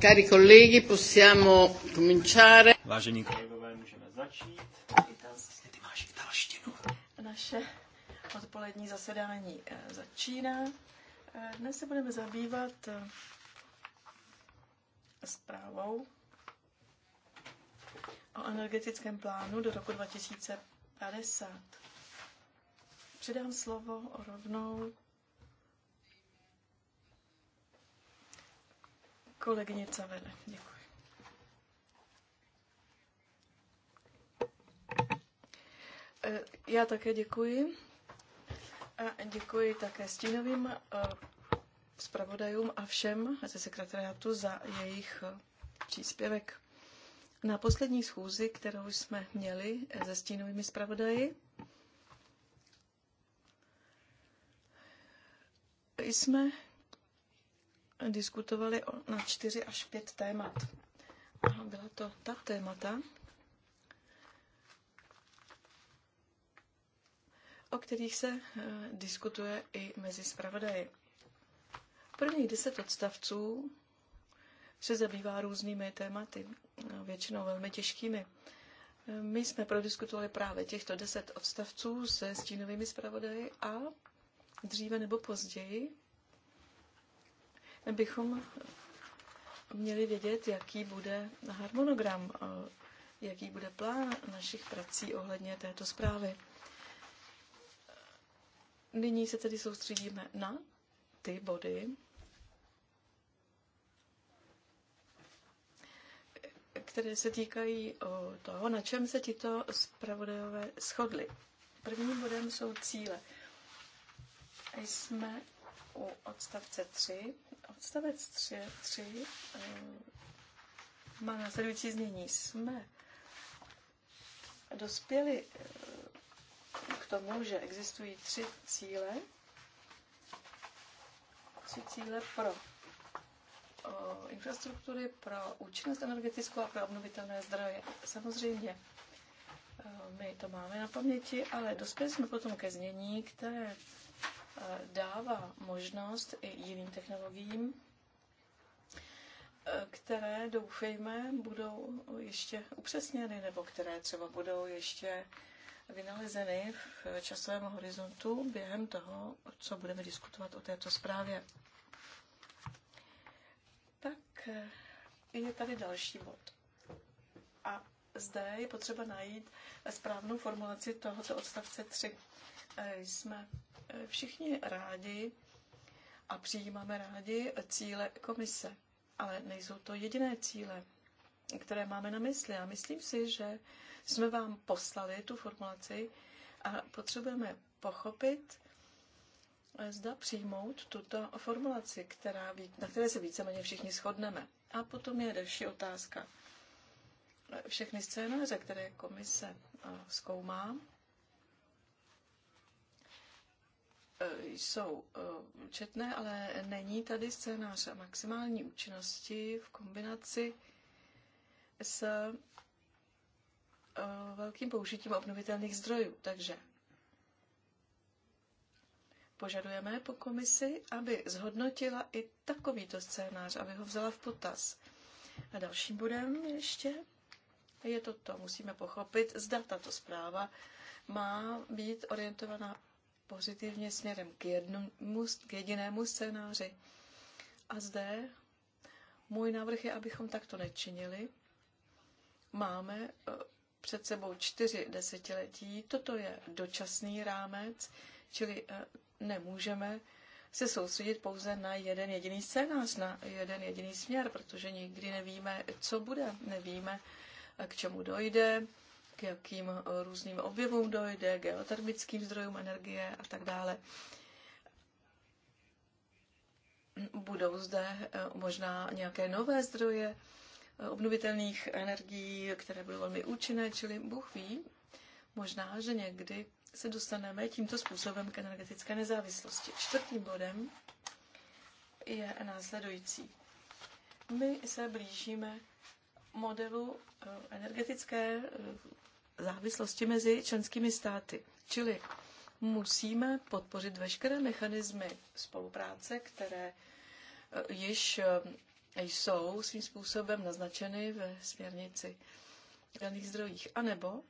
Cari colleghi, possiamo cominciare. Vážení kolegové, můžeme začít. Ty máš italštinu. Naše odpolední zasedání eh, začíná. Eh, dnes se budeme zabývat eh, zprávou o energetickém plánu do roku 2050. Předám slovo rovnou Kolegyně Cavene. děkuji. E, já také děkuji. A děkuji také stínovým e, zpravodajům a všem ze sekretariátu za jejich e, příspěvek. Na poslední schůzi, kterou jsme měli se stínovými zpravodaji, jsme diskutovali na čtyři až pět témat. A byla to ta témata, o kterých se eh, diskutuje i mezi zpravodaji. Prvních deset odstavců se zabývá různými tématy, eh, většinou velmi těžkými. Eh, my jsme prodiskutovali právě těchto deset odstavců se stínovými zpravodaji a dříve nebo později bychom měli vědět, jaký bude harmonogram, jaký bude plán našich prací ohledně této zprávy. Nyní se tedy soustředíme na ty body, které se týkají toho, na čem se tito zpravodajové shodli. Prvním bodem jsou cíle. Jsme u odstavce 3. Odstavec 3, 3 eh, má následující znění. Jsme dospěli eh, k tomu, že existují tři cíle. Tři cíle pro eh, infrastruktury, pro účinnost energetickou a pro obnovitelné zdroje. Samozřejmě my to máme na paměti, ale dospěli jsme potom ke znění, které Eh, dává možnost i jiným technologiím, eh, které doufejme budou ještě upřesněny nebo které třeba budou ještě vynalezeny v časovém horizontu během toho, co budeme diskutovat o této zprávě. Tak eh, je tady další bod. A zde je potřeba najít správnou formulaci tohoto odstavce 3. Jsme všichni rádi a přijímáme rádi cíle komise, ale nejsou to jediné cíle, které máme na mysli. A myslím si, že jsme vám poslali tu formulaci a potřebujeme pochopit, zda přijmout tuto formulaci, která, na které se víceméně všichni shodneme. A potom je další otázka. Všechny scénáře, které komise eh, zkoumá, Eh, jsou eh, četné, ale není tady scénář maximální účinnosti v kombinaci s eh, velkým použitím obnovitelných zdrojů. Takže požadujeme po komisi, aby zhodnotila i takovýto scénář, aby ho vzala v potaz. A dalším bodem ještě je toto. Musíme pochopit, zda tato zpráva má být orientovaná pozitivně směrem k, jednomu, k jedinému scénáři. A zde můj návrh je, abychom takto nečinili. Máme eh, před sebou čtyři desetiletí. Toto je dočasný rámec, čili eh, nemůžeme se soustředit pouze na jeden jediný scénář, na jeden jediný směr, protože nikdy nevíme, co bude, nevíme, eh, k čemu dojde, k jakým eh, různým objevům dojde, geotermickým zdrojům energie a tak dále. Budou zde eh, možná nějaké nové zdroje eh, obnovitelných energií, které budou velmi účinné, čili Bůh ví, možná, že někdy se dostaneme tímto způsobem k energetické nezávislosti. Čtvrtým bodem je následující. My se blížíme modelu energetické závislosti mezi členskými státy. Čili musíme podpořit veškeré mechanismy spolupráce, které eh, již eh, jsou svým způsobem naznačeny ve směrnici daných zdrojích. A nebo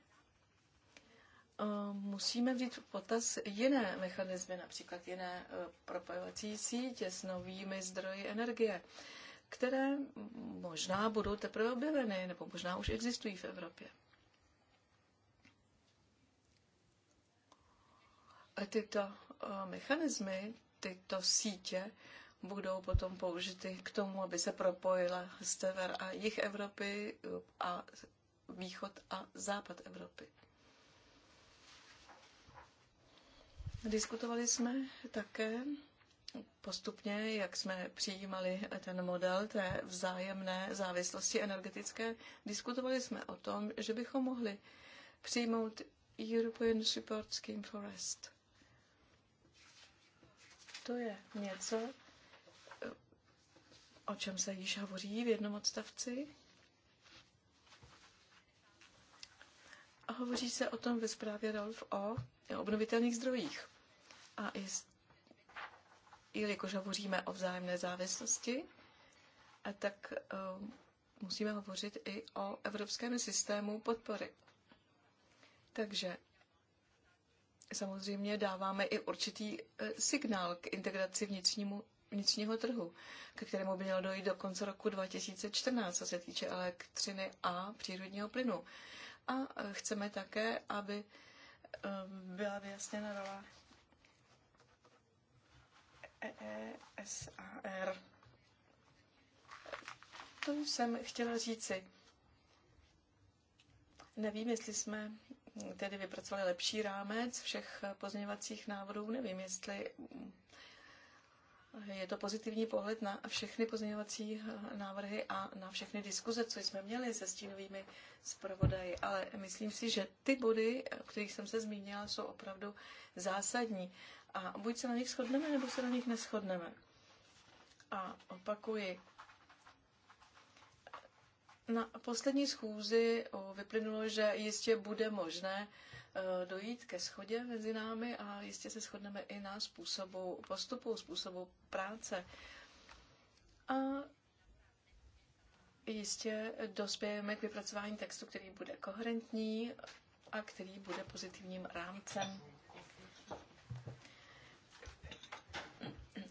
eh, musíme vzít v potaz jiné mechanismy, například jiné propojovací sítě s novými zdroji energie, které možná budou teprve objeveny, nebo možná už existují v Evropě. tyto eh, mechanismy, tyto sítě budou potom použity k tomu, aby se propojila sever a jih Evropy eh, a východ a západ Evropy. Diskutovali jsme také postupně, jak jsme přijímali ten model té vzájemné závislosti energetické, diskutovali jsme o tom, že bychom mohli přijmout European Support Scheme for Rest. To je něco, o čem se již hovoří v jednom odstavci. A hovoří se o tom ve zprávě Rolf o obnovitelných zdrojích. A i, jelikož hovoříme o vzájemné závislosti, a tak uh, musíme hovořit i o evropském systému podpory. Takže samozřejmě dáváme i určitý e, signál k integraci vnitřnímu, vnitřního trhu, ke kterému by mělo dojít do konce roku 2014, co se týče elektřiny a přírodního plynu. A e, chceme také, aby e, byla vyjasněna rola EESAR. To jsem chtěla říci. Nevím, jestli jsme tedy vypracovali lepší rámec všech pozměňovacích návrhů. Nevím, jestli je to pozitivní pohled na všechny pozměňovací eh, návrhy a na všechny diskuze, co jsme měli se stínovými zpravodaji, ale myslím si, že ty body, o kterých jsem se zmínila, jsou opravdu zásadní. A buď se na nich shodneme, nebo se na nich neschodneme. A opakuji, na poslední schůzi vyplynulo, že jistě bude možné e, dojít ke schodě mezi námi a jistě se shodneme i na způsobu postupu, způsobu práce. A jistě dospějeme k vypracování textu, který bude koherentní a který bude pozitivním rámcem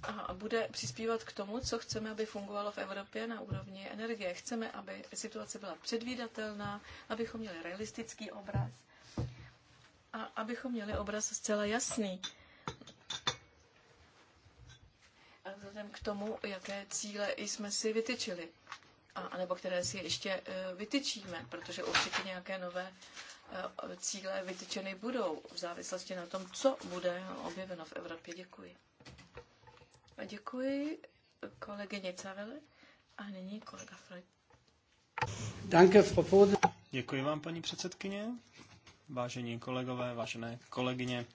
a bude přispívat k tomu, co chceme, aby fungovalo v Evropě na úrovni energie. Chceme, aby situace byla předvídatelná, abychom měli realistický obraz a abychom měli obraz zcela jasný. A vzhledem k tomu, jaké cíle jsme si vytyčili, a, nebo které si ještě e, vytyčíme, protože určitě nějaké nové e, cíle vytyčeny budou v závislosti na tom, co bude objeveno v Evropě. Děkuji. Děkuji kolegyně Cavele a nyní kolega Freud. Danke, Děkuji vám, paní předsedkyně. Vážení kolegové, vážené kolegyně,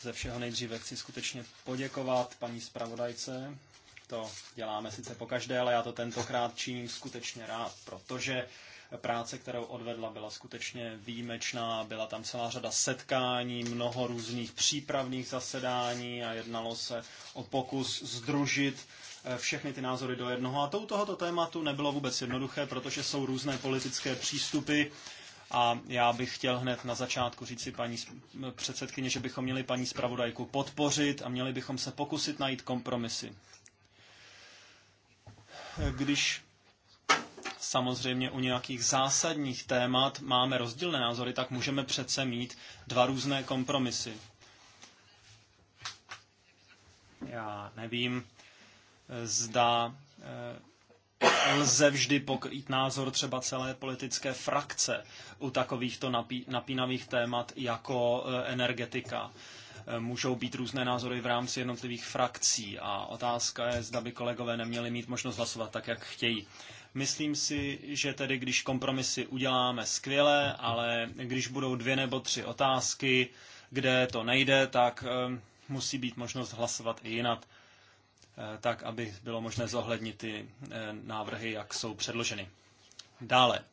ze všeho nejdříve chci skutečně poděkovat paní zpravodajce. To děláme sice po každé, ale já to tentokrát činím skutečně rád, protože Práce, kterou odvedla, byla skutečně výjimečná. Byla tam celá řada setkání, mnoho různých přípravných zasedání a jednalo se o pokus združit eh, všechny ty názory do jednoho. A to u tohoto tématu nebylo vůbec jednoduché, protože jsou různé politické přístupy. A já bych chtěl hned na začátku si paní předsedkyně, že bychom měli paní zpravodajku podpořit a měli bychom se pokusit najít kompromisy. Když samozřejmě u nějakých zásadních témat máme rozdílné názory, tak můžeme přece mít dva různé kompromisy. Já nevím, zda eh, lze vždy pokrýt názor třeba celé politické frakce u takovýchto napí- napínavých témat jako eh, energetika. Eh, můžou být různé názory v rámci jednotlivých frakcí a otázka je, zda by kolegové neměli mít možnost hlasovat tak, jak chtějí. Myslím si, že tedy když kompromisy uděláme skvěle, ale když budou dvě nebo tři otázky, kde to nejde, tak eh, musí být možnost hlasovat i jinak, eh, tak aby bylo možné zohlednit ty eh, návrhy, jak jsou předloženy. Dále.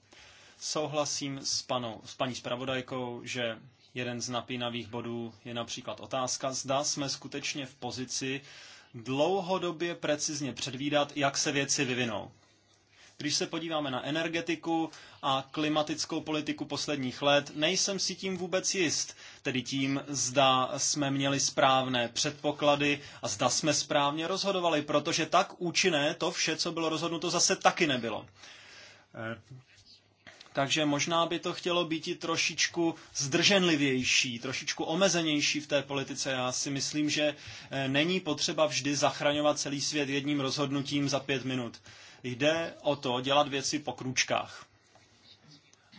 Souhlasím s, panou, s paní zpravodajkou, že jeden z napínavých bodů je například otázka, zda jsme skutečně v pozici dlouhodobě precizně předvídat, jak se věci vyvinou. Když se podíváme na energetiku a klimatickou politiku posledních let, nejsem si tím vůbec jist, tedy tím, zda jsme měli správné předpoklady a zda jsme správně rozhodovali, protože tak účinné to vše, co bylo rozhodnuto, zase taky nebylo. Eh, takže možná by to chtělo být i trošičku zdrženlivější, trošičku omezenější v té politice. Já si myslím, že eh, není potřeba vždy zachraňovat celý svět jedním rozhodnutím za pět minut. Jde o to dělat věci po kručkách.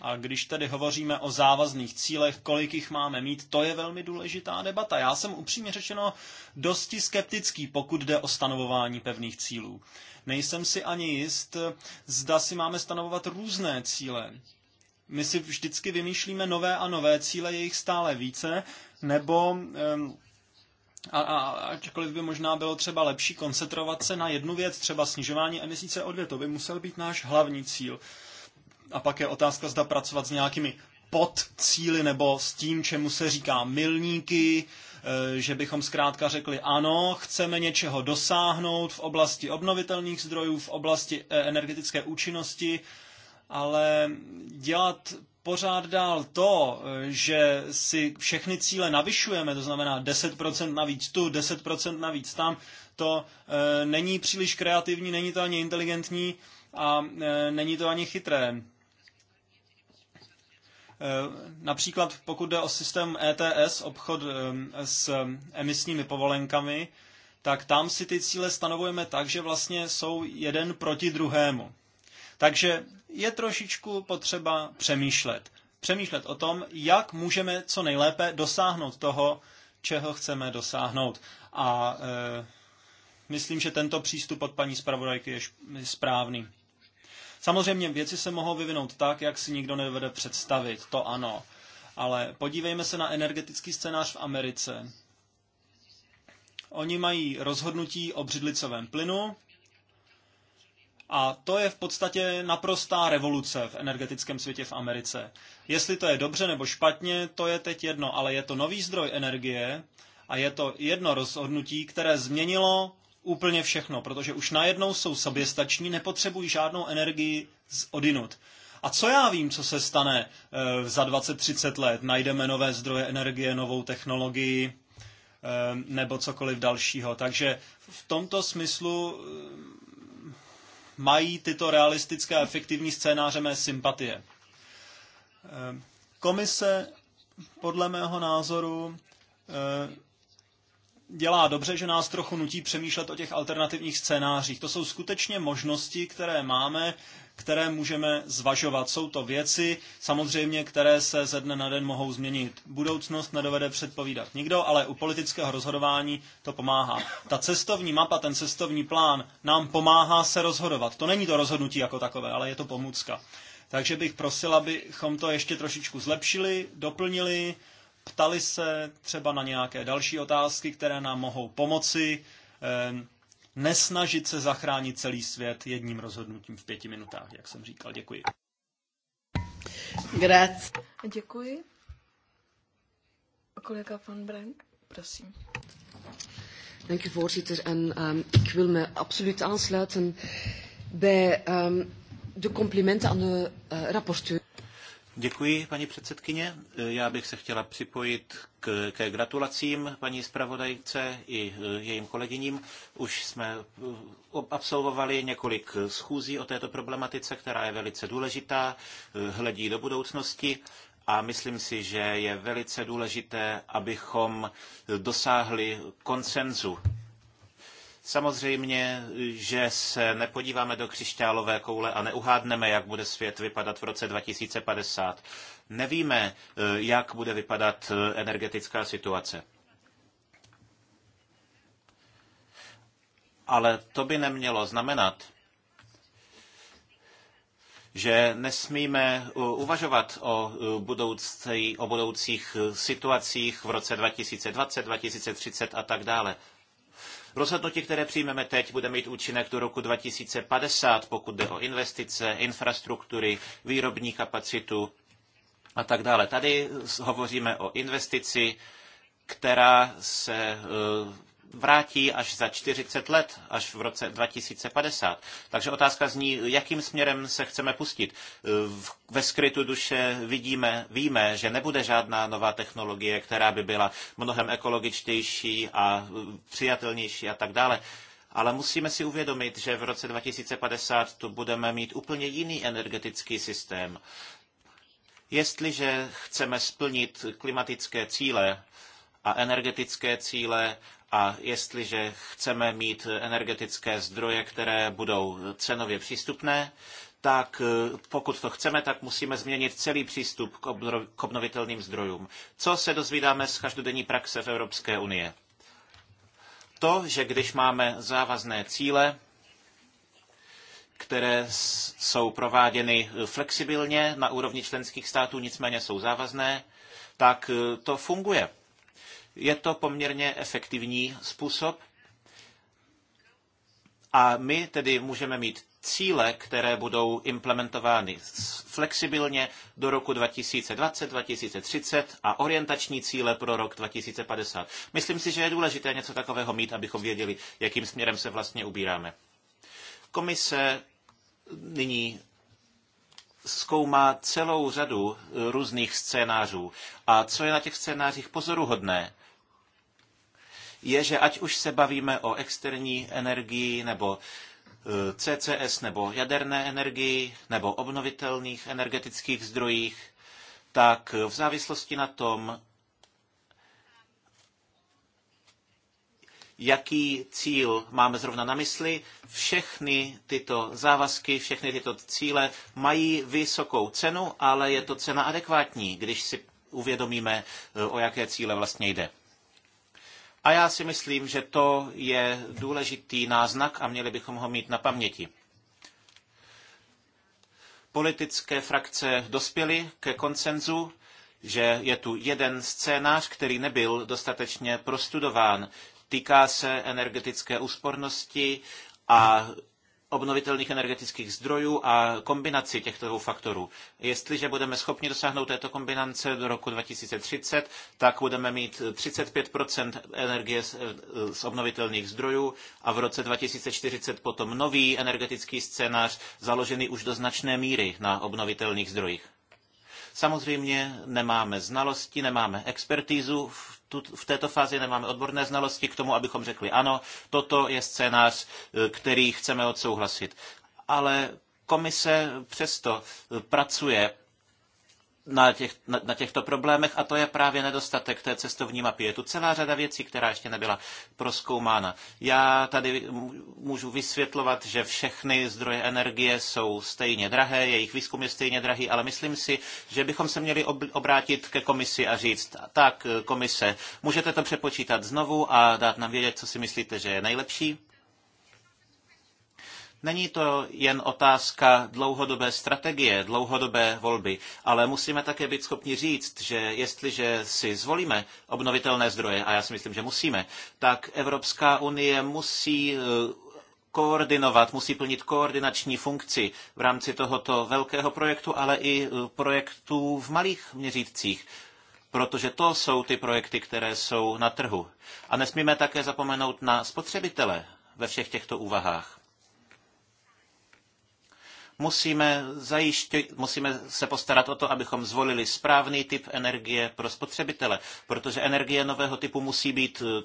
A když tedy hovoříme o závazných cílech, kolik jich máme mít, to je velmi důležitá debata. Já jsem upřímně řečeno dosti skeptický, pokud jde o stanovování pevných cílů. Nejsem si ani jist, zda si máme stanovovat různé cíle. My si vždycky vymýšlíme nové a nové cíle, je jich stále více, nebo um, a, a ačkoliv by možná bylo třeba lepší koncentrovat se na jednu věc, třeba snižování emisí CO2, to by musel být náš hlavní cíl. A pak je otázka, zda pracovat s nějakými podcíly nebo s tím, čemu se říká milníky, e, že bychom zkrátka řekli ano, chceme něčeho dosáhnout v oblasti obnovitelných zdrojů, v oblasti e, energetické účinnosti, ale dělat pořád dál to, eh, že si všechny cíle navyšujeme, to znamená 10% navíc tu, 10% navíc tam, to e, není příliš kreativní, není to ani inteligentní a e, není to ani chytré. E, například pokud jde o systém ETS, obchod e, s emisními povolenkami, tak tam si ty cíle stanovujeme tak, že vlastně jsou jeden proti druhému. Takže je trošičku potřeba přemýšlet. Přemýšlet o tom, jak můžeme co nejlépe dosáhnout toho, čeho chceme dosáhnout. A e, myslím, že tento přístup od paní zpravodajky je správný. Samozřejmě věci se mohou vyvinout tak, jak si nikdo nevede představit, to ano. Ale podívejme se na energetický scénář v Americe. Oni mají rozhodnutí o břidlicovém plynu, a to je v podstatě naprostá revoluce v energetickém světě v Americe. Jestli to je dobře nebo špatně, to je teď jedno, ale je to nový zdroj energie a je to jedno rozhodnutí, které změnilo úplně všechno, protože už najednou jsou soběstační, nepotřebují žádnou energii z odinut. A co já vím, co se stane e, za 20-30 let? Najdeme nové zdroje energie, novou technologii e, nebo cokoliv dalšího. Takže v tomto smyslu eh, mají tyto realistické a efektivní scénáře mé sympatie. Eh, komise podle mého názoru eh, dělá dobře, že nás trochu nutí přemýšlet o těch alternativních scénářích. To jsou skutečně možnosti, které máme, které můžeme zvažovat. Jsou to věci, samozřejmě, které se ze dne na den mohou změnit. Budoucnost nedovede předpovídat nikdo, ale u politického rozhodování to pomáhá. Ta cestovní mapa, ten cestovní plán nám pomáhá se rozhodovat. To není to rozhodnutí jako takové, ale je to pomůcka. Takže bych prosil, abychom to ještě trošičku zlepšili, doplnili, ptali se třeba na nějaké další otázky, které nám mohou pomoci, ehm, nesnažit se zachránit celý svět jedním rozhodnutím v pěti minutách, jak jsem říkal. Děkuji. Grazie. Děkuji. Kolega van Brenk, prosím. Dank u voorzitter. En um, ik wil me absoluut aansluiten bij um, de complimenten aan de uh, rapporteur. Děkuji, paní předsedkyně. Já bych se chtěla připojit k, ke gratulacím paní zpravodajce i e, jejím kolegyním. Už jsme e, absolvovali několik schůzí o této problematice, která je velice důležitá, e, hledí do budoucnosti a myslím si, že je velice důležité, abychom dosáhli konsenzu Samozřejmě, že se nepodíváme do křišťálové koule a neuhádneme, jak bude svět vypadat v roce 2050. Nevíme, eh, jak bude vypadat eh, energetická situace. Ale to by nemělo znamenat, že nesmíme eh, uvažovat o, budoucí, o budoucích situacích v roce 2020, 2030 a tak dále. Rozhodnutí, které přijmeme teď, bude mít účinek do roku 2050, pokud jde o investice, infrastruktury, výrobní kapacitu a tak dále. Tady hovoříme o investici, která se eh, vrátí až za 40 let, až v roce 2050. Takže otázka zní, jakým směrem se chceme pustit. Ve skrytu duše vidíme, víme, že nebude žádná nová technologie, která by byla mnohem ekologičtější a přijatelnější a tak dále. Ale musíme si uvědomit, že v roce 2050 tu budeme mít úplně jiný energetický systém. Jestliže chceme splnit klimatické cíle a energetické cíle a jestliže chceme mít energetické zdroje, které budou cenově přístupné, tak eh, pokud to chceme, tak musíme změnit celý přístup k obnovitelným zdrojům. Co se dozvídáme z každodenní praxe v Evropské unii? To, že když máme závazné cíle, které jsou prováděny eh, flexibilně na úrovni členských států, nicméně jsou závazné, tak eh, to funguje. Je to poměrně efektivní způsob a my tedy můžeme mít cíle, které budou implementovány flexibilně do roku 2020, 2030 a orientační cíle pro rok 2050. Myslím si, že je důležité něco takového mít, abychom věděli, jakým směrem se vlastně ubíráme. Komise nyní zkoumá celou řadu různých scénářů. A co je na těch scénářích pozoruhodné, je, že ať už se bavíme o externí energii nebo e, CCS nebo jaderné energii nebo obnovitelných energetických zdrojích, tak v závislosti na tom, jaký cíl máme zrovna na mysli. Všechny tyto závazky, všechny tyto cíle mají vysokou cenu, ale je to cena adekvátní, když si uvědomíme, e, o jaké cíle vlastně jde. A já si myslím, že to je důležitý náznak a měli bychom ho mít na paměti. Politické frakce dospěly ke koncenzu, že je tu jeden scénář, který nebyl dostatečně prostudován. Týká se energetické úspornosti a obnovitelných energetických zdrojů a kombinaci těchto dvou faktorů. Jestliže budeme schopni dosáhnout této kombinace do roku 2030, tak budeme mít 35 energie z obnovitelných zdrojů a v roce 2040 potom nový energetický scénář založený už do značné míry na obnovitelných zdrojích. Samozřejmě nemáme znalosti, nemáme expertízu v v této fázi nemáme odborné znalosti k tomu, abychom řekli ano, toto je scénář, e, který chceme odsouhlasit. Ale komise přesto e, pracuje na, těch, na, na těchto problémech a to je právě nedostatek té cestovní mapy. Je tu celá řada věcí, která ještě nebyla proskoumána. Já tady můžu vysvětlovat, že všechny zdroje energie jsou stejně drahé, jejich výzkum je stejně drahý, ale myslím si, že bychom se měli ob, obrátit ke komisi a říct, tak komise, můžete to přepočítat znovu a dát nám vědět, co si myslíte, že je nejlepší? Není to jen otázka dlouhodobé strategie, dlouhodobé volby, ale musíme také být schopni říct, že jestliže si zvolíme obnovitelné zdroje, a já si myslím, že musíme, tak Evropská unie musí eh, koordinovat, musí plnit koordinační funkci v rámci tohoto velkého projektu, ale i eh, projektů v malých měřítcích, protože to jsou ty projekty, které jsou na trhu. A nesmíme také zapomenout na spotřebitele ve všech těchto úvahách. Musíme, zajiště, musíme se postarat o to, abychom zvolili správný typ energie pro spotřebitele, protože energie nového typu musí být eh,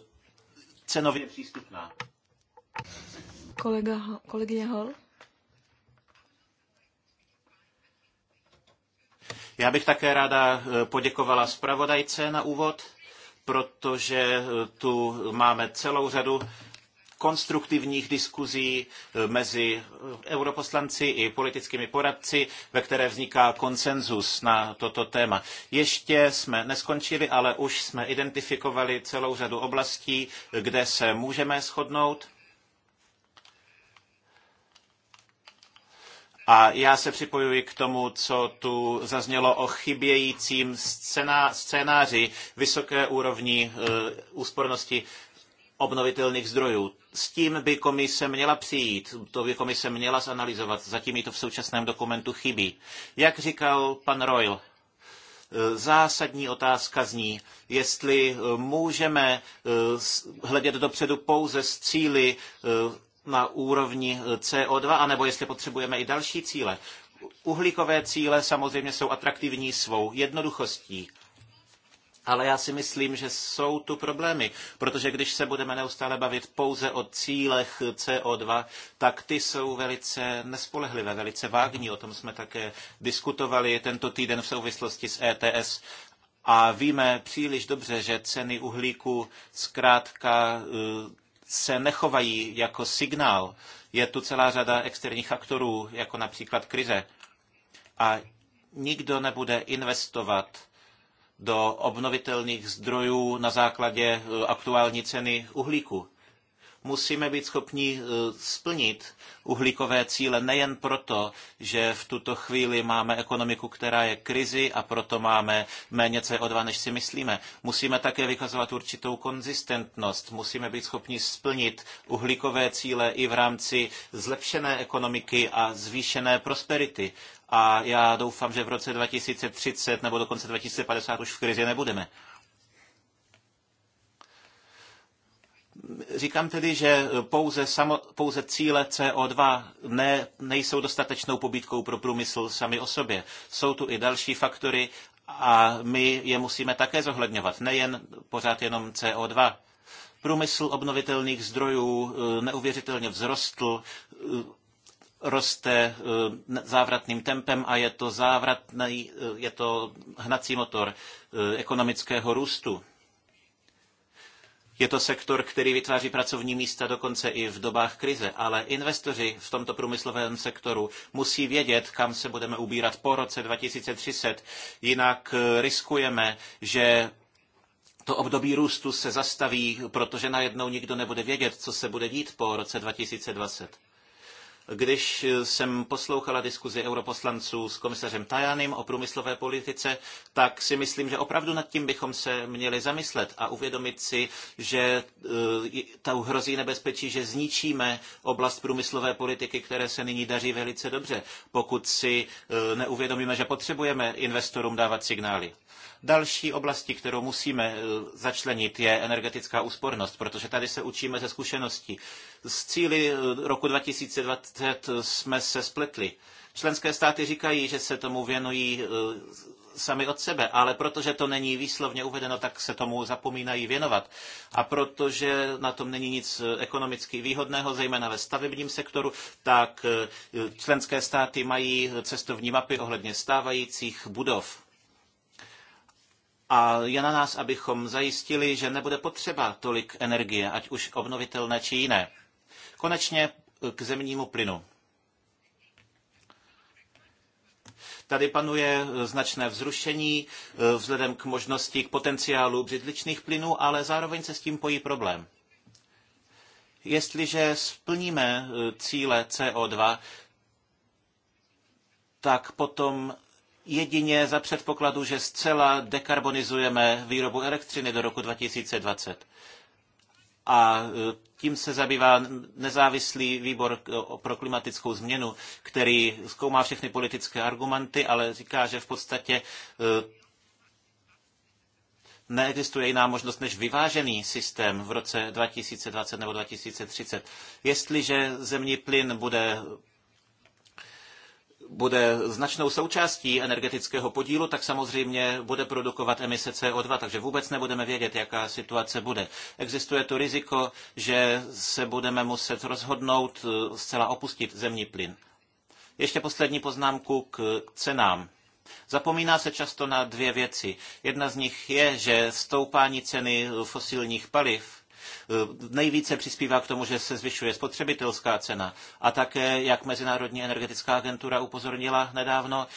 cenově přístupná. Kolega, kolegyně Hol? Já bych také ráda eh, poděkovala zpravodajce na úvod, protože eh, tu máme celou řadu konstruktivních diskuzí eh, mezi eh, europoslanci i politickými poradci, ve které vzniká konsenzus na toto téma. Ještě jsme neskončili, ale už jsme identifikovali celou řadu oblastí, eh, kde se můžeme shodnout. A já se připojuji k tomu, co tu zaznělo o chybějícím scénáři vysoké úrovni úspornosti obnovitelných zdrojů. S tím by komise měla přijít, to by komise měla zanalizovat, zatím jí to v současném dokumentu chybí. Jak říkal pan Royal, zásadní otázka zní, jestli eh, můžeme eh, hledět dopředu pouze z cíly eh, na úrovni CO2, anebo jestli potřebujeme i další cíle. Uhlíkové cíle samozřejmě jsou atraktivní svou jednoduchostí ale já si myslím, že jsou tu problémy, protože když se budeme neustále bavit pouze o cílech CO2, tak ty jsou velice nespolehlivé, velice vágní. O tom jsme také diskutovali tento týden v souvislosti s ETS. A víme příliš dobře, že ceny uhlíku zkrátka eh, se nechovají jako signál. Je tu celá řada externích faktorů, jako například krize. A nikdo nebude investovat do obnovitelných zdrojů na základě eh, aktuální ceny uhlíku musíme být schopni eh, splnit uhlíkové cíle nejen proto, že v tuto chvíli máme ekonomiku, která je krizi a proto máme méně CO2, než si myslíme. Musíme také vykazovat určitou konzistentnost. Musíme být schopni splnit uhlíkové cíle i v rámci zlepšené ekonomiky a zvýšené prosperity. A já doufám, že v roce 2030 nebo dokonce 2050 už v krizi nebudeme. Říkám tedy, že pouze, samo, pouze cíle CO2 ne, nejsou dostatečnou pobídkou pro průmysl sami o sobě. Jsou tu i další faktory a my je musíme také zohledňovat, nejen pořád jenom CO2. Průmysl obnovitelných zdrojů eh, neuvěřitelně vzrostl, eh, roste eh, závratným tempem a je to, závratný, je to hnací motor ekonomického růstu. Je to sektor, který vytváří pracovní místa dokonce i v dobách krize, ale investoři v tomto průmyslovém sektoru musí vědět, kam se budeme ubírat po roce 2030, jinak eh, riskujeme, že to období růstu se zastaví, protože najednou nikdo nebude vědět, co se bude dít po roce 2020. Když jsem poslouchala diskuzi europoslanců s komisařem Tajanem o průmyslové politice, tak si myslím, že opravdu nad tím bychom se měli zamyslet a uvědomit si, že eh, ta hrozí nebezpečí, že zničíme oblast průmyslové politiky, které se nyní daří velice dobře, pokud si eh, neuvědomíme, že potřebujeme investorům dávat signály. Další oblasti, kterou musíme eh, začlenit, je energetická úspornost, protože tady se učíme ze zkušeností. Z cíly eh, roku 2020 jsme se spletli. Členské státy říkají, že se tomu věnují eh, sami od sebe, ale protože to není výslovně uvedeno, tak se tomu zapomínají věnovat. A protože na tom není nic ekonomicky výhodného, zejména ve stavebním sektoru, tak členské státy mají cestovní mapy ohledně stávajících budov a je na nás, abychom zajistili, že nebude potřeba tolik energie, ať už obnovitelné či jiné. Konečně eh, k zemnímu plynu. Tady panuje eh, značné vzrušení eh, vzhledem k možnosti, k potenciálu břidličných plynů, ale zároveň se s tím pojí problém. Jestliže splníme cíle CO2, tak potom jedině za předpokladu, že zcela dekarbonizujeme výrobu elektřiny do roku 2020. A e, tím se zabývá nezávislý výbor pro klimatickou změnu, který zkoumá všechny politické argumenty, ale říká, že v podstatě e, neexistuje jiná možnost než vyvážený systém v roce 2020 nebo 2030. Jestliže zemní plyn bude bude značnou součástí energetického podílu, tak samozřejmě bude produkovat emise CO2, takže vůbec nebudeme vědět, jaká situace bude. Existuje tu riziko, že se budeme muset rozhodnout eh, zcela opustit zemní plyn. Ještě poslední poznámku k cenám. Zapomíná se často na dvě věci. Jedna z nich je, že stoupání ceny fosilních paliv Eh, nejvíce přispívá k tomu, že se zvyšuje spotřebitelská cena a také, jak Mezinárodní energetická agentura upozornila nedávno,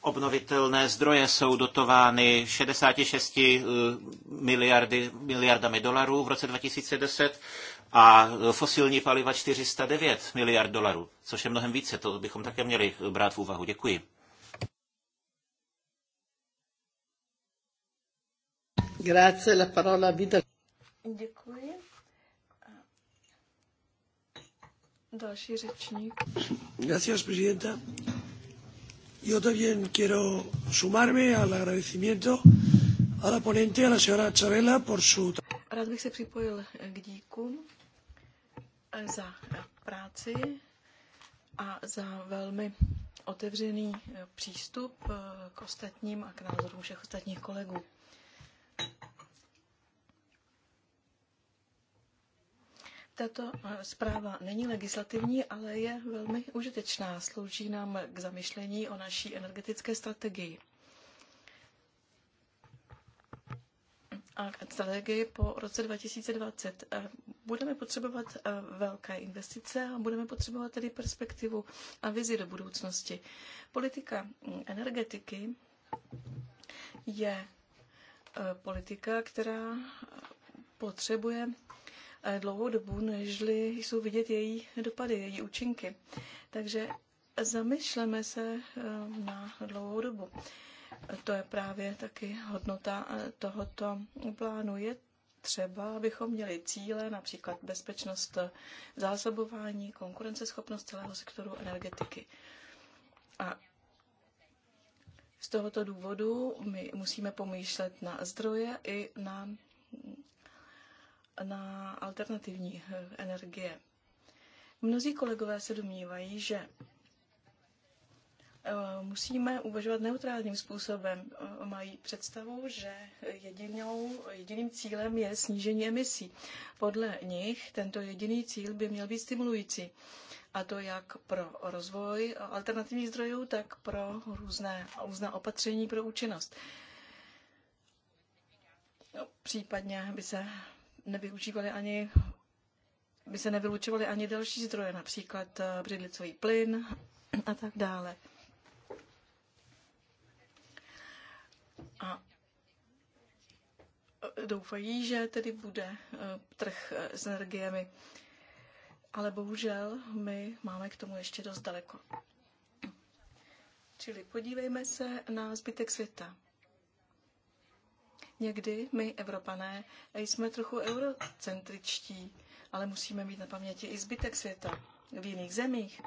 obnovitelné zdroje jsou dotovány 66 eh, miliardy, miliardami dolarů v roce 2010 a eh, fosilní paliva 409 miliard dolarů, což je mnohem více, to bychom také měli brát v úvahu. Děkuji. Grazie, la parola Vida. Děkuji. Další řečník. Gracias, presidenta. Yo también quiero sumarme al agradecimiento a la ponente, a la señora Chabela, por su... Rád bych se připojil k díkům za práci a za velmi otevřený přístup k ostatním a k názorům všech ostatních kolegů. Tato eh, zpráva není legislativní, ale je velmi užitečná. Slouží nám k zamyšlení o naší energetické strategii. a strategii po roce 2020. Eh, budeme potřebovat eh, velké investice a budeme potřebovat tedy perspektivu a vizi do budoucnosti. Politika hm, energetiky je politika, která potřebuje dlouhou dobu, nežli jsou vidět její dopady, její účinky. Takže zamyšleme se eh, na dlouhou dobu. To je právě taky hodnota eh, tohoto plánu. Je třeba, abychom měli cíle, například bezpečnost zásobování, konkurenceschopnost celého sektoru energetiky. A z tohoto důvodu my musíme pomýšlet na zdroje i na na alternativní eh, energie. Mnozí kolegové se domnívají, že eh, musíme uvažovat neutrálním způsobem. Eh, mají představu, že jedinou, jediným cílem je snížení emisí. Podle nich tento jediný cíl by měl být stimulující. A to jak pro rozvoj alternativních zdrojů, tak pro různé, různá opatření pro účinnost. No, případně by se nevyužívaly ani by se nevylučovaly ani další zdroje, například eh, břidlicový plyn a tak dále. A eh, doufají, že tedy bude eh, trh s energiemi. Ale bohužel my máme k tomu ještě dost daleko. Čili podívejme se na zbytek světa. Někdy my, Evropané, jsme trochu eurocentričtí, ale musíme mít na paměti i zbytek světa v jiných zemích.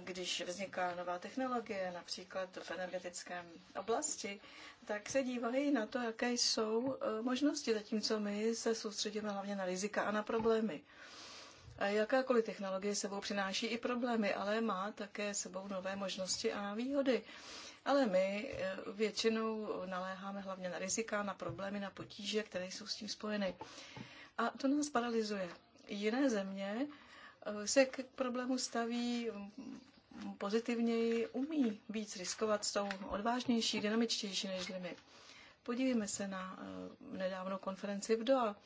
Když vzniká nová technologie, například v energetickém oblasti, tak se dívají na to, jaké jsou e, možnosti, zatímco my se soustředíme hlavně na rizika a na problémy. Jakákoliv technologie sebou přináší i problémy, ale má také sebou nové možnosti a výhody ale my eh, většinou naléháme hlavně na rizika, na problémy, na potíže, které jsou s tím spojeny. A to nás paralyzuje. Jiné země eh, se k problému staví mm, pozitivněji, umí víc riskovat, jsou odvážnější, dynamičtější než my. Podívejme se na eh, nedávnou konferenci v Doha.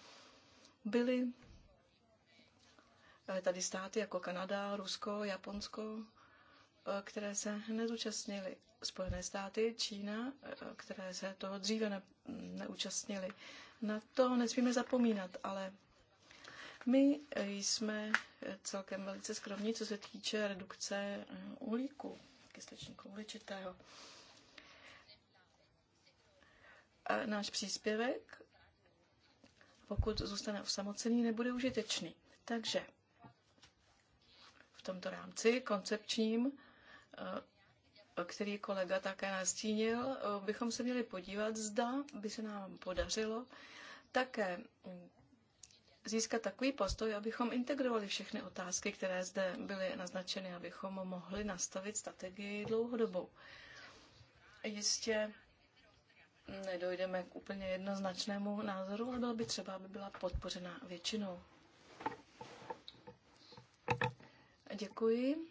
Byly tady státy jako Kanada, Rusko, Japonsko, Eh, které se účastnili Spojené státy, Čína, eh, které se toho dříve ne, neúčastnily. Na to nesmíme zapomínat, ale my jsme celkem velice skromní, co se týče redukce eh, uhlíku, kysličníku uhličitého. A náš příspěvek, pokud zůstane osamocený, nebude užitečný. Takže v tomto rámci koncepčním Eh, který kolega také nastínil, eh, bychom se měli podívat, zda by se nám podařilo také mm, získat takový postoj, abychom integrovali všechny otázky, které zde byly naznačeny, abychom mohli nastavit strategii dlouhodobou. Jistě nedojdeme k úplně jednoznačnému názoru, ale bylo by třeba, aby byla podpořena většinou. Děkuji.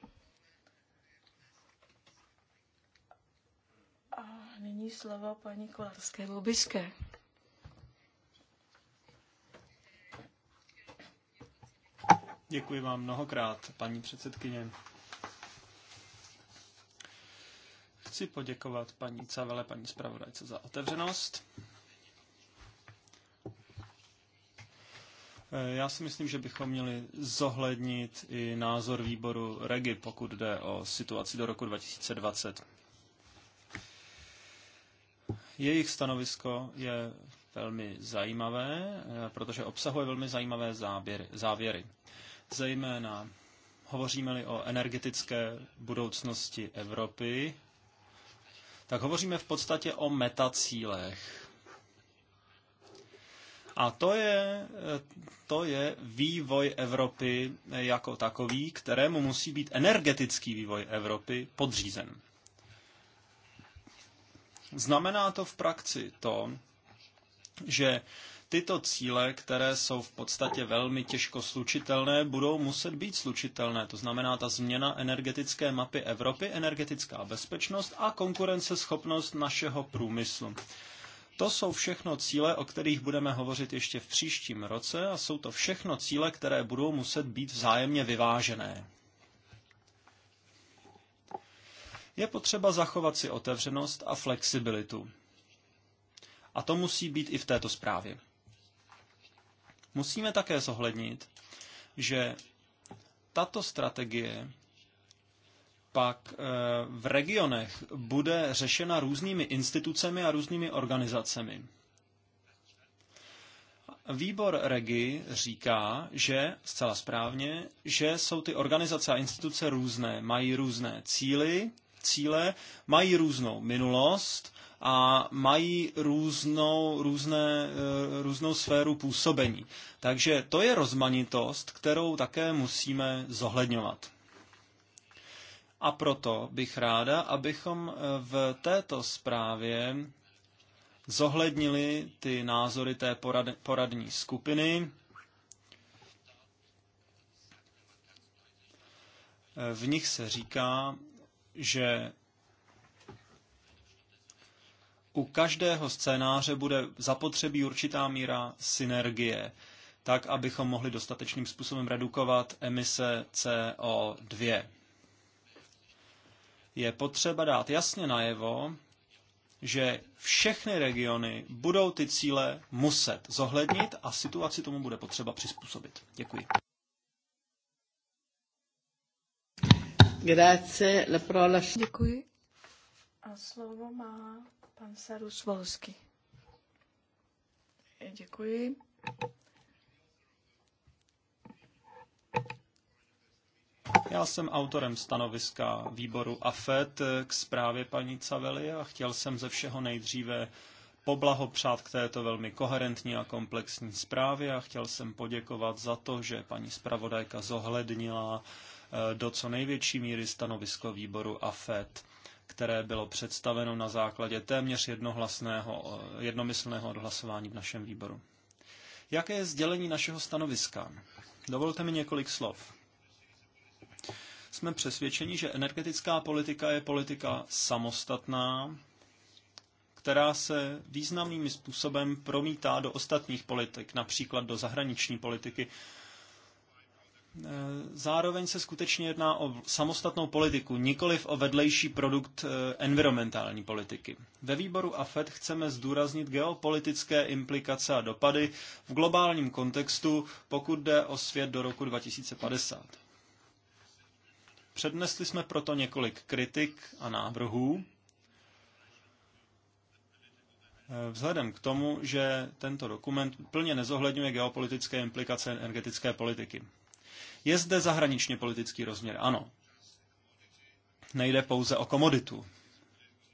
A nyní paní Kolarské Lubiské. Děkuji vám mnohokrát, paní předsedkyně. Chci poděkovat paní Cavele, paní zpravodajce za otevřenost. Já si myslím, že bychom měli zohlednit i názor výboru REGI, pokud jde o situaci do roku 2020. Jejich stanovisko je velmi zajímavé, eh, protože obsahuje velmi zajímavé záběry, závěry. Zejména hovoříme-li o energetické budoucnosti Evropy, tak hovoříme v podstatě o metacílech. A to je, eh, to je vývoj Evropy jako takový, kterému musí být energetický vývoj Evropy podřízen. Znamená to v praxi to, že tyto cíle, které jsou v podstatě velmi těžko slučitelné, budou muset být slučitelné. To znamená ta změna energetické mapy Evropy, energetická bezpečnost a konkurenceschopnost našeho průmyslu. To jsou všechno cíle, o kterých budeme hovořit ještě v příštím roce a jsou to všechno cíle, které budou muset být vzájemně vyvážené. Je potřeba zachovat si otevřenost a flexibilitu. A to musí být i v této zprávě. Musíme také zohlednit, že tato strategie pak eh, v regionech bude řešena různými institucemi a různými organizacemi. Výbor Regi říká, že, zcela správně, že jsou ty organizace a instituce různé, mají různé cíly, cíle mají různou minulost a mají různou, různé, eh, různou sféru působení. Takže to je rozmanitost, kterou také musíme zohledňovat. A proto bych ráda, abychom eh, v této zprávě zohlednili ty názory té porad, poradní skupiny. Eh, v nich se říká, že u každého scénáře bude zapotřebí určitá míra synergie, tak abychom mohli dostatečným způsobem redukovat emise CO2. Je potřeba dát jasně najevo, že všechny regiony budou ty cíle muset zohlednit a situaci tomu bude potřeba přizpůsobit. Děkuji. Grazie, la parola... Děkuji. A slovo má pan Sarus Volsky. Děkuji. Já jsem autorem stanoviska výboru AFET k zprávě paní Caveli. a chtěl jsem ze všeho nejdříve poblahopřát k této velmi koherentní a komplexní zprávě a chtěl jsem poděkovat za to, že paní zpravodajka zohlednila Eh, do co největší míry stanovisko výboru AFET, které bylo představeno na základě téměř jednohlasného, eh, jednomyslného odhlasování v našem výboru. Jaké je sdělení našeho stanoviska? Dovolte mi několik slov. Jsme přesvědčeni, že energetická politika je politika samostatná, která se významným způsobem promítá do ostatních politik, například do zahraniční politiky Eh, zároveň se skutečně jedná o samostatnou politiku, nikoliv o vedlejší produkt eh, environmentální politiky. Ve výboru AFED chceme zdůraznit geopolitické implikace a dopady v globálním kontextu, pokud jde o svět do roku 2050. Přednesli jsme proto několik kritik a návrhů. Eh, vzhledem k tomu, že tento dokument plně nezohledňuje geopolitické implikace energetické politiky. Je zde zahraničně politický rozměr, ano. Nejde pouze o komoditu,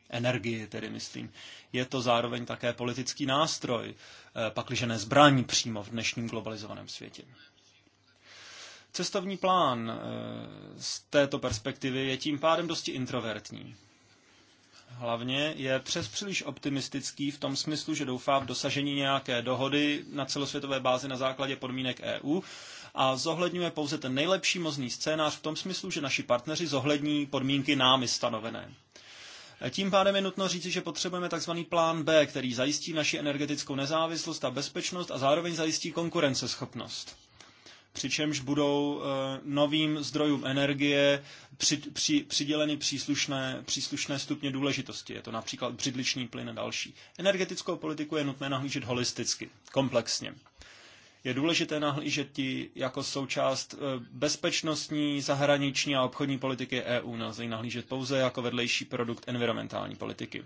energii tedy myslím. Je to zároveň také politický nástroj, eh, pakliže nezbraň přímo v dnešním globalizovaném světě. Cestovní plán eh, z této perspektivy je tím pádem dosti introvertní. Hlavně je přes příliš optimistický v tom smyslu, že doufá v dosažení nějaké dohody na celosvětové bázi na základě podmínek EU, a zohledňuje pouze ten nejlepší možný scénář v tom smyslu, že naši partneři zohlední podmínky námi stanovené. Tím pádem je nutno říci, že potřebujeme tzv. plán B, který zajistí naši energetickou nezávislost a bezpečnost a zároveň zajistí konkurenceschopnost. Přičemž budou e, novým zdrojům energie při, při, přiděleny příslušné, příslušné stupně důležitosti. Je to například břidliční plyn a další. Energetickou politiku je nutné nahlížet holisticky, komplexně. Je důležité nahlížet ti jako součást eh, bezpečnostní, zahraniční a obchodní politiky EU. Nelze ji nahlížet pouze jako vedlejší produkt environmentální politiky.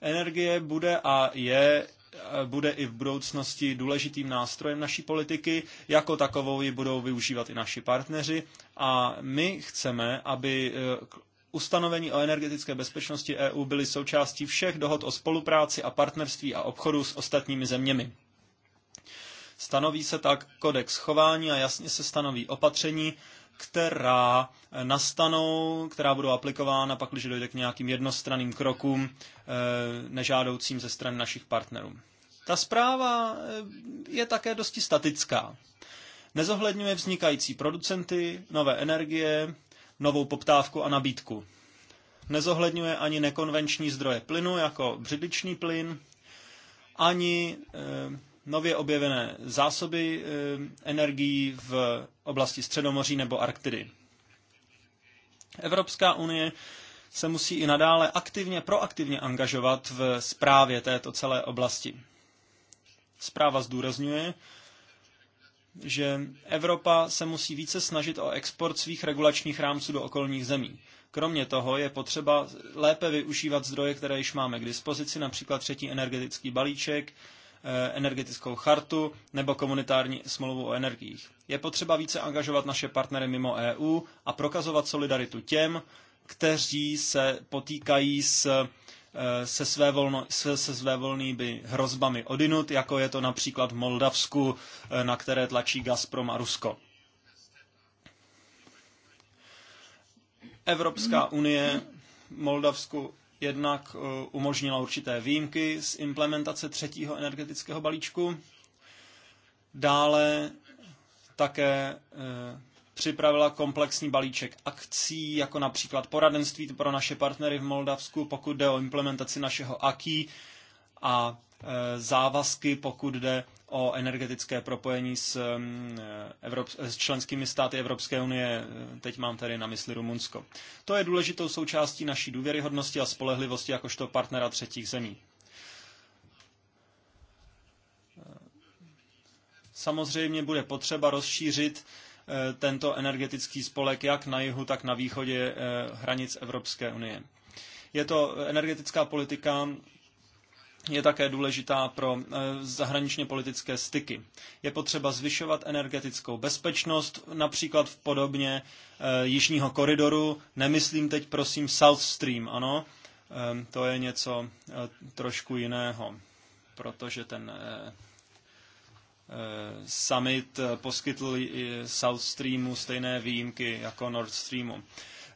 Energie bude a je eh, bude i v budoucnosti důležitým nástrojem naší politiky. Jako takovou ji budou využívat i naši partneři a my chceme, aby eh, ustanovení o energetické bezpečnosti EU byly součástí všech dohod o spolupráci a partnerství a obchodu s ostatními zeměmi. Stanoví se tak kodex chování a jasně se stanoví opatření, která nastanou, která budou aplikována, pak, když dojde k nějakým jednostranným krokům eh, nežádoucím ze strany našich partnerů. Ta zpráva eh, je také dosti statická. Nezohledňuje vznikající producenty, nové energie, novou poptávku a nabídku. Nezohledňuje ani nekonvenční zdroje plynu, jako břidličný plyn, ani eh, nově objevené zásoby eh, energií v oblasti Středomoří nebo Arktidy. Evropská unie se musí i nadále aktivně, proaktivně angažovat v správě této celé oblasti. Zpráva zdůrazňuje, že Evropa se musí více snažit o export svých regulačních rámců do okolních zemí. Kromě toho je potřeba lépe využívat zdroje, které již máme k dispozici, například třetí energetický balíček, Eh, energetickou chartu nebo komunitární smlouvu o energiích. Je potřeba více angažovat naše partnery mimo EU a prokazovat solidaritu těm, kteří se potýkají s eh, se, své volno, se, se volnými hrozbami odinut, jako je to například v Moldavsku, eh, na které tlačí Gazprom a Rusko. Evropská unie Moldavsku jednak eh, umožnila určité výjimky z implementace třetího energetického balíčku. Dále také eh, připravila komplexní balíček akcí, jako například poradenství pro naše partnery v Moldavsku, pokud jde o implementaci našeho AKI a eh, závazky, pokud jde o energetické propojení s, mm, Evrop, s členskými státy Evropské unie, teď mám tady na mysli Rumunsko. To je důležitou součástí naší důvěryhodnosti a spolehlivosti jakožto partnera třetích zemí. Samozřejmě bude potřeba rozšířit eh, tento energetický spolek jak na jihu, tak na východě eh, hranic Evropské unie. Je to energetická politika, je také důležitá pro eh, zahraničně politické styky. Je potřeba zvyšovat energetickou bezpečnost, například v podobně eh, jižního koridoru. Nemyslím teď, prosím, South Stream, ano? Ehm, to je něco eh, trošku jiného, protože ten summit poskytl South Streamu stejné výjimky jako Nord Streamu.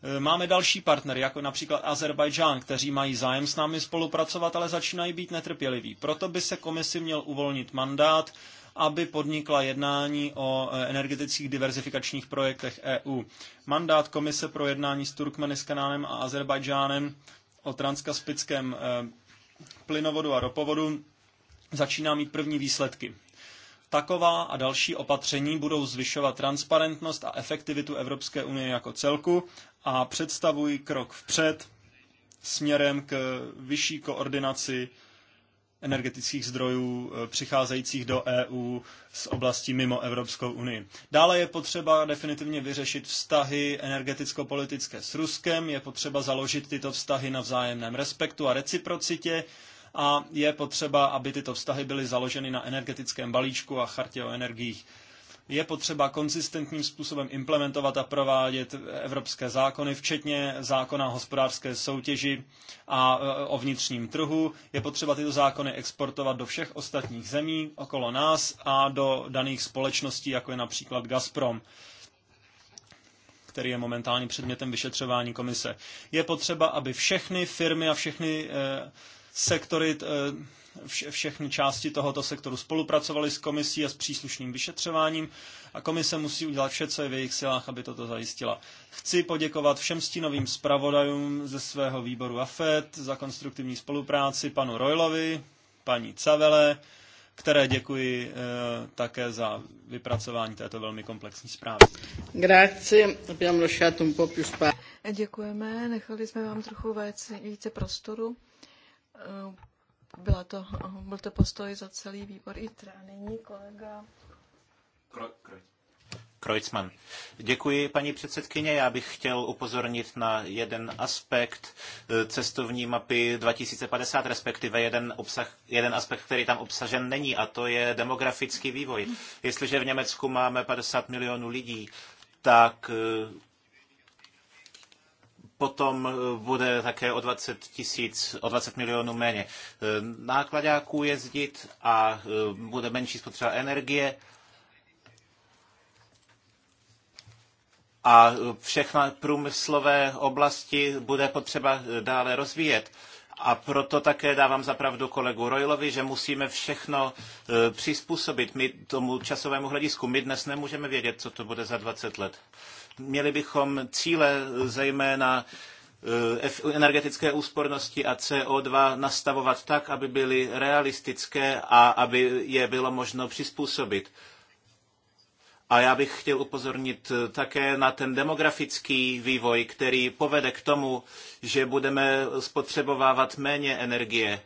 Eh, máme další partnery, jako například Azerbajdžán, kteří mají zájem s námi spolupracovat, ale začínají být netrpěliví. Proto by se komisi měl uvolnit mandát, aby podnikla jednání o eh, energetických diverzifikačních projektech EU. Mandát komise pro jednání s Turkmenistánem a Azerbajdžánem o transkaspickém eh, plynovodu a ropovodu začíná mít první výsledky. Taková a další opatření budou zvyšovat transparentnost a efektivitu Evropské unie jako celku a představují krok vpřed směrem k vyšší koordinaci energetických zdrojů eh, přicházejících do EU z oblastí mimo Evropskou unii. Dále je potřeba definitivně vyřešit vztahy energeticko-politické s Ruskem, je potřeba založit tyto vztahy na vzájemném respektu a reciprocitě a je potřeba, aby tyto vztahy byly založeny na energetickém balíčku a chartě o energiích je potřeba konzistentním způsobem implementovat a provádět evropské zákony, včetně zákona o hospodářské soutěži a e, o vnitřním trhu. Je potřeba tyto zákony exportovat do všech ostatních zemí okolo nás a do daných společností, jako je například Gazprom který je momentálně předmětem vyšetřování komise. Je potřeba, aby všechny firmy a všechny e, sektory e, vše, všechny části tohoto sektoru spolupracovaly s komisí a s příslušným vyšetřováním a komise musí udělat vše, co je v jejich silách, aby toto zajistila. Chci poděkovat všem stínovým zpravodajům ze svého výboru AFET za konstruktivní spolupráci panu Roylovi, paní Cavele, které děkuji e, také za vypracování této velmi komplexní zprávy. Grazie, lasciato un po' più spazio. Děkujeme, nechali jsme vám trochu více prostoru eh, byla to, byl to postoj za celý výbor i Nyní kolega... Kreuzmann. Děkuji, paní předsedkyně. Já bych chtěl upozornit na jeden aspekt eh, cestovní mapy 2050, respektive jeden, obsah, jeden aspekt, který tam obsažen není, a to je demografický vývoj. Jestliže v Německu máme 50 milionů lidí, tak eh, potom eh, bude také o 20, tisíc, o 20 milionů méně eh, nákladáků jezdit a eh, bude menší spotřeba energie. A všechna průmyslové oblasti bude potřeba dále rozvíjet. A proto také dávám zapravdu kolegu Roylovi, že musíme všechno přizpůsobit my tomu časovému hledisku. My dnes nemůžeme vědět, co to bude za 20 let. Měli bychom cíle zejména eh, energetické úspornosti a CO2 nastavovat tak, aby byly realistické a aby je bylo možno přizpůsobit. A já bych chtěl upozornit eh, také na ten demografický vývoj, který povede k tomu, že budeme spotřebovávat méně energie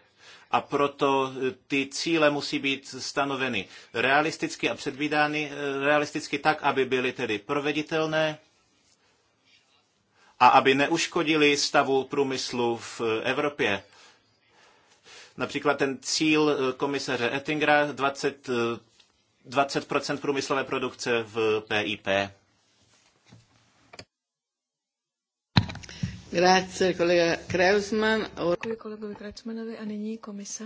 a proto e, ty cíle musí být stanoveny realisticky a předvídány e, realisticky tak, aby byly tedy proveditelné a aby neuškodili stavu průmyslu v Evropě. Například ten cíl e, komisaře Ettingera 20, 20% průmyslové produkce v PIP. Grazie, kolega Děkuji kolegovi Kreuzmanovi a nyní komise.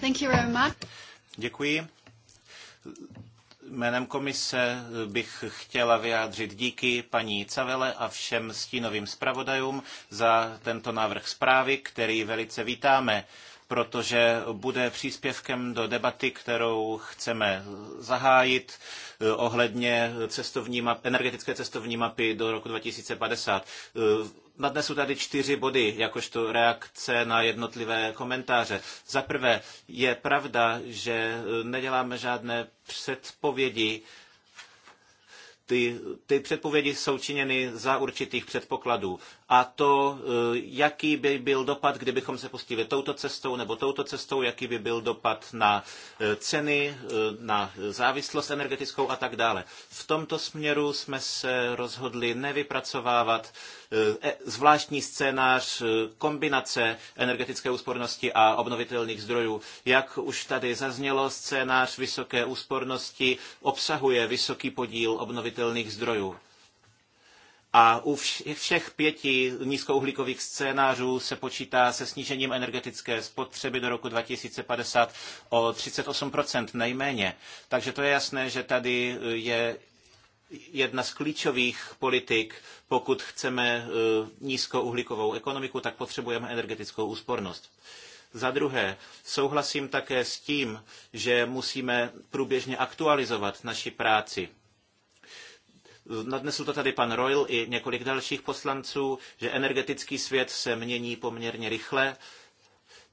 Thank you very much. Děkuji. Jménem komise bych chtěla vyjádřit díky paní Cavele a všem stínovým zpravodajům za tento návrh zprávy, který velice vítáme protože bude příspěvkem do debaty, kterou chceme zahájit eh, ohledně cestovní map, energetické cestovní mapy do roku 2050. Eh, nadnesu tady čtyři body, jakožto reakce na jednotlivé komentáře. Za prvé, je pravda, že eh, neděláme žádné předpovědi, ty, ty předpovědi jsou činěny za určitých předpokladů a to, eh, jaký by byl dopad, kdybychom se pustili touto cestou nebo touto cestou, jaký by byl dopad na eh, ceny, eh, na závislost energetickou a tak dále. V tomto směru jsme se rozhodli nevypracovávat e, zvláštní scénář kombinace energetické úspornosti a obnovitelných zdrojů. Jak už tady zaznělo, scénář vysoké úspornosti obsahuje vysoký podíl obnovitelných zdrojů. A u všech pěti nízkouhlíkových scénářů se počítá se snížením energetické spotřeby do roku 2050 o 38% nejméně. Takže to je jasné, že tady e, je jedna z klíčových politik, pokud chceme e, nízkouhlíkovou ekonomiku, tak potřebujeme energetickou úspornost. Za druhé, souhlasím také s tím, že musíme průběžně aktualizovat naši práci Nadnesl to tady pan Royal i několik dalších poslanců, že energetický svět se mění poměrně rychle,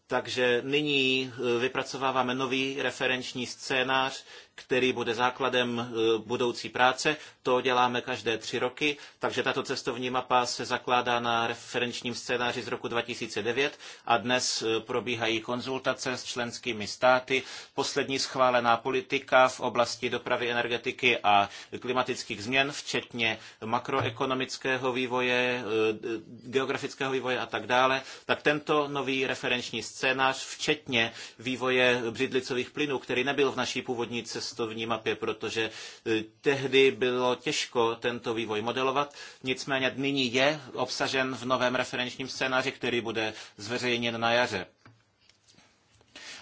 takže nyní e, vypracováváme nový referenční scénář, který bude základem eh, budoucí práce. To děláme každé tři roky, takže tato cestovní mapa se zakládá na referenčním scénáři z roku 2009 a dnes eh, probíhají konzultace s členskými státy. Poslední schválená politika v oblasti dopravy, energetiky a klimatických změn, včetně makroekonomického vývoje, eh, geografického vývoje a tak dále, tak tento nový referenční scénář, včetně vývoje břidlicových plynů, který nebyl v naší původní cestě, cestovní mapě, protože e, tehdy bylo těžko tento vývoj modelovat, nicméně nyní je obsažen v novém referenčním scénáři, který bude zveřejněn na jaře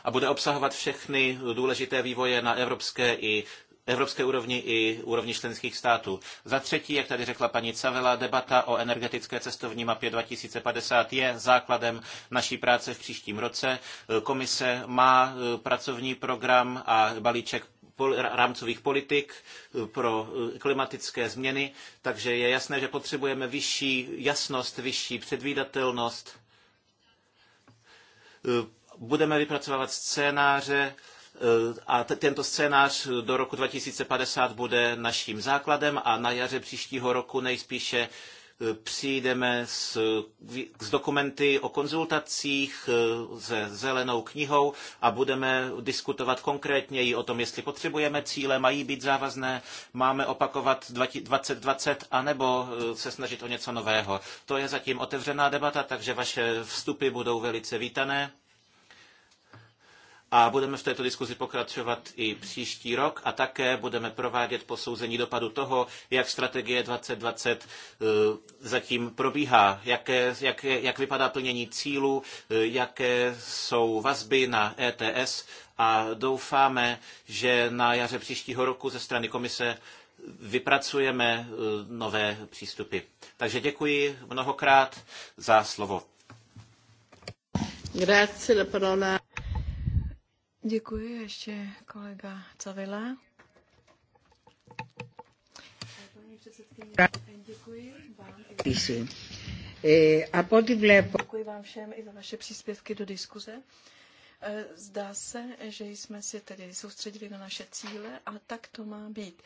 a bude obsahovat všechny důležité vývoje na evropské i evropské úrovni i úrovni členských států. Za třetí, jak tady řekla paní Cavela, debata o energetické cestovní mapě 2050 je základem naší práce v příštím roce. E, komise má e, pracovní program a balíček rámcových politik eh, pro eh, klimatické změny, takže je jasné, že potřebujeme vyšší jasnost, vyšší předvídatelnost. Eh, budeme vypracovávat scénáře, a tento scénář do roku 2050 bude naším základem a na jaře příštího roku nejspíše Eh, přijdeme s, s dokumenty o konzultacích, eh, se zelenou knihou a budeme diskutovat konkrétněji o tom, jestli potřebujeme cíle, mají být závazné, máme opakovat 2020 anebo eh, se snažit o něco nového. To je zatím otevřená debata, takže vaše vstupy budou velice vítané a budeme v této diskuzi pokračovat i příští rok a také budeme provádět posouzení dopadu toho, jak strategie 2020 eh, zatím probíhá, jaké, jak, jak vypadá plnění cílů, eh, jaké jsou vazby na ETS a doufáme, že na jaře příštího roku ze strany komise vypracujeme eh, nové přístupy. Takže děkuji mnohokrát za slovo. Grazie la parola. Děkuji ještě kolega Cavila. děkuji vám. Eh, děkuji vám všem i za vaše příspěvky do diskuze. Eh, zdá se, že jsme se tedy soustředili na naše cíle a tak to má být.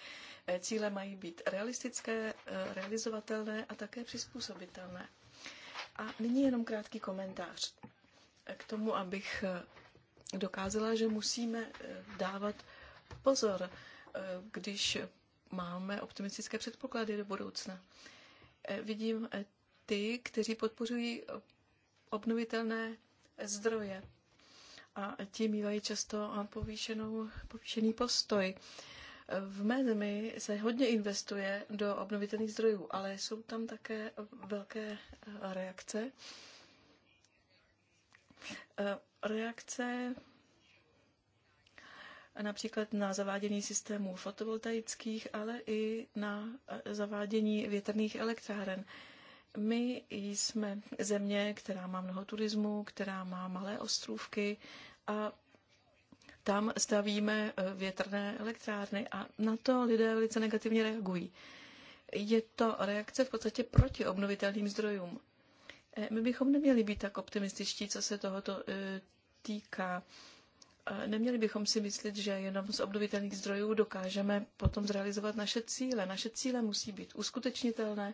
Eh, cíle mají být realistické, realizovatelné a také přizpůsobitelné. A nyní jenom krátký komentář k tomu, abych dokázala, že musíme eh, dávat pozor, eh, když máme optimistické předpoklady do budoucna. Eh, vidím ty, kteří podporují obnovitelné zdroje a ti mývají často povýšenou, povýšený postoj. V mé zemi se hodně investuje do obnovitelných zdrojů, ale jsou tam také velké reakce Eh, reakce například na zavádění systémů fotovoltaických, ale i na eh, zavádění větrných elektráren. My jsme země, která má mnoho turismu, která má malé ostrůvky a tam stavíme eh, větrné elektrárny a na to lidé velice negativně reagují. Je to reakce v podstatě proti obnovitelným zdrojům. Eh, my bychom neměli být tak optimističtí, co se tohoto eh, týká. Eh, neměli bychom si myslet, že jenom z obnovitelných zdrojů dokážeme potom zrealizovat naše cíle. Naše cíle musí být uskutečnitelné